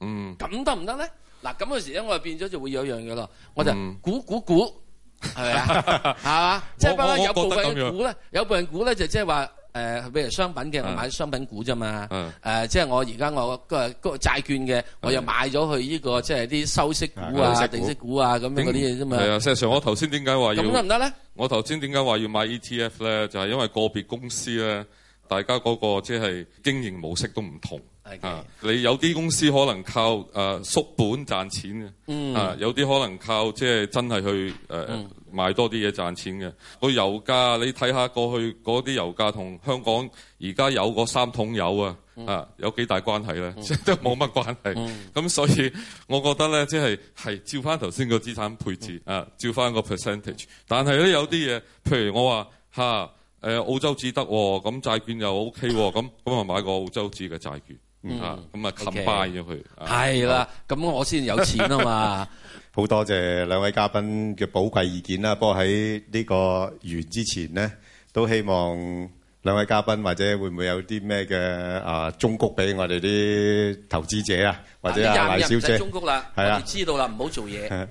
嗯，咁得唔得咧？嗱，咁嘅時咧我就變咗就會有一樣嘢咯，我就估估估。嗯估估估係咪啊，係嘛，即係不過有部分股咧，有部分股咧就即係話，誒、呃，譬如商品嘅，我買商品股咋嘛，誒、呃，即係我而家我個個債券嘅，我又買咗去呢、這個即係啲收息股啊、定息股啊咁樣嗰啲嘢咋嘛。係啊，事實上我頭先點解話要？咁得唔得咧？我頭先點解話要買 ETF 咧？就係、是、因為個別公司咧，大家嗰個即係經營模式都唔同。啊！你有啲公司可能靠誒、啊、縮本賺錢嘅、嗯，啊有啲可能靠即係、就是、真係去誒、啊嗯、買多啲嘢賺錢嘅。個油價你睇下過去嗰啲油價同香港而家有嗰三桶油啊，嗯、啊有幾大關係咧？即、嗯、 都冇乜關係。咁、嗯、所以我覺得咧，即係係照翻頭先個資產配置、嗯、啊，照翻個 percentage、嗯。但係咧有啲嘢，譬如我話吓、啊、澳洲紙得喎、哦，咁債券又 OK 喎，咁咁啊買個澳洲紙嘅債券，嗯啊，咁啊冚翻咗佢，係啦，咁我先有錢啊嘛。好多謝兩位嘉賓嘅寶貴意見啦。不過喺呢個完之前咧，都希望兩位嘉賓或者會唔會有啲咩嘅啊忠告俾我哋啲投資者啊，或者啲壞消息。入入就忠告啦，係啦，知道啦，唔好做嘢，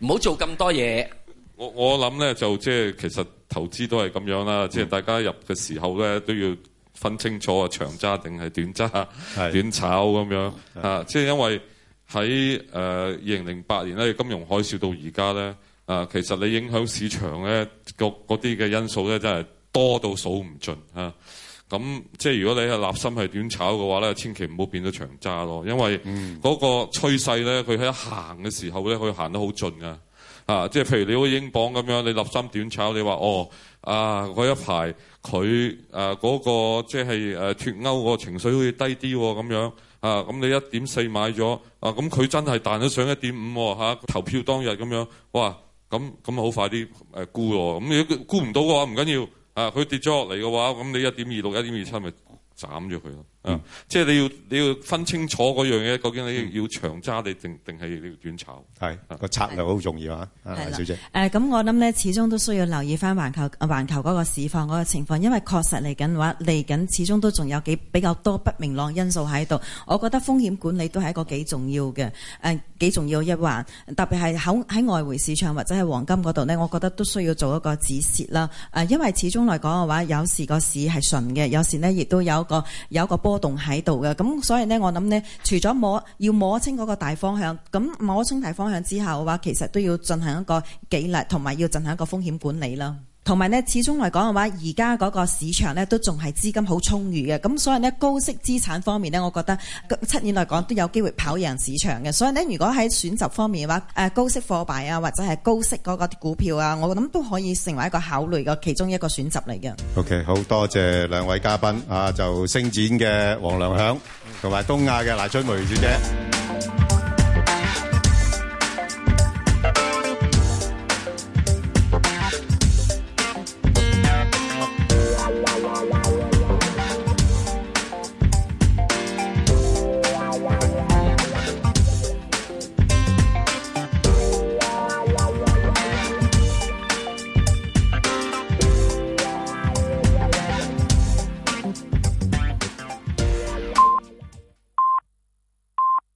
唔好做咁多嘢。我我諗咧就即係其實投資都係咁樣啦，即係大家入嘅時候咧都要。分清楚啊，長揸定係短揸、短炒咁樣啊！即係因為喺誒二零零八年咧，金融海嘯到而家咧，啊，其實你影響市場咧，嗰啲嘅因素咧，真係多到數唔盡啊！咁即係如果你係立心係短炒嘅話咧，千祈唔好變咗長揸咯，因為嗰個趨勢咧，佢喺行嘅時候咧，佢行得好盡噶啊！即係譬如你好英鎊咁樣，你立心短炒，你話哦啊，嗰一排。佢誒嗰個即係誒脫歐個情緒好似低啲喎咁樣啊，咁你一點四買咗啊，咁佢真係彈咗上一點五喎嚇，投票當日咁樣，哇，咁咁好快啲誒沽喎，咁你沽唔到嘅話唔緊要啊，佢跌咗落嚟嘅話，咁你一點二六、一點二七咪斬咗佢咯。嗯，即係你要你要分清楚嗰樣嘢，究竟你要長揸定定係呢個短炒？係、嗯，個策略好重要啊！小姐。咁、嗯、我諗咧，始終都需要留意返環球環球嗰個市況嗰、嗰個情況，因為確實嚟緊話嚟緊，始終都仲有幾比較多不明朗因素喺度。我覺得風險管理都係一個幾重要嘅誒幾重要一環，特別係喺喺外匯市場或者係黃金嗰度呢。我覺得都需要做一個止蝕啦。誒，因為始終嚟講嘅話，有時個市係順嘅，有時呢亦都有個有個波。波動喺度嘅。咁所以咧，我諗咧，除咗摸要摸清嗰個大方向，咁摸清大方向之後嘅話，其實都要進行一個紀律，同埋要進行一個風險管理啦。同埋咧，始終嚟講嘅話，而家嗰個市場咧都仲係資金好充裕嘅，咁所以咧，高息資產方面咧，我覺得七年來講都有機會跑贏市場嘅。所以咧，如果喺選擇方面嘅話，高息貨幣啊，或者係高息嗰個啲股票啊，我諗都可以成為一個考慮嘅其中一個選擇嚟嘅。OK，好多謝兩位嘉賓啊，就星展嘅黃良響同埋東亞嘅賴春梅小姐。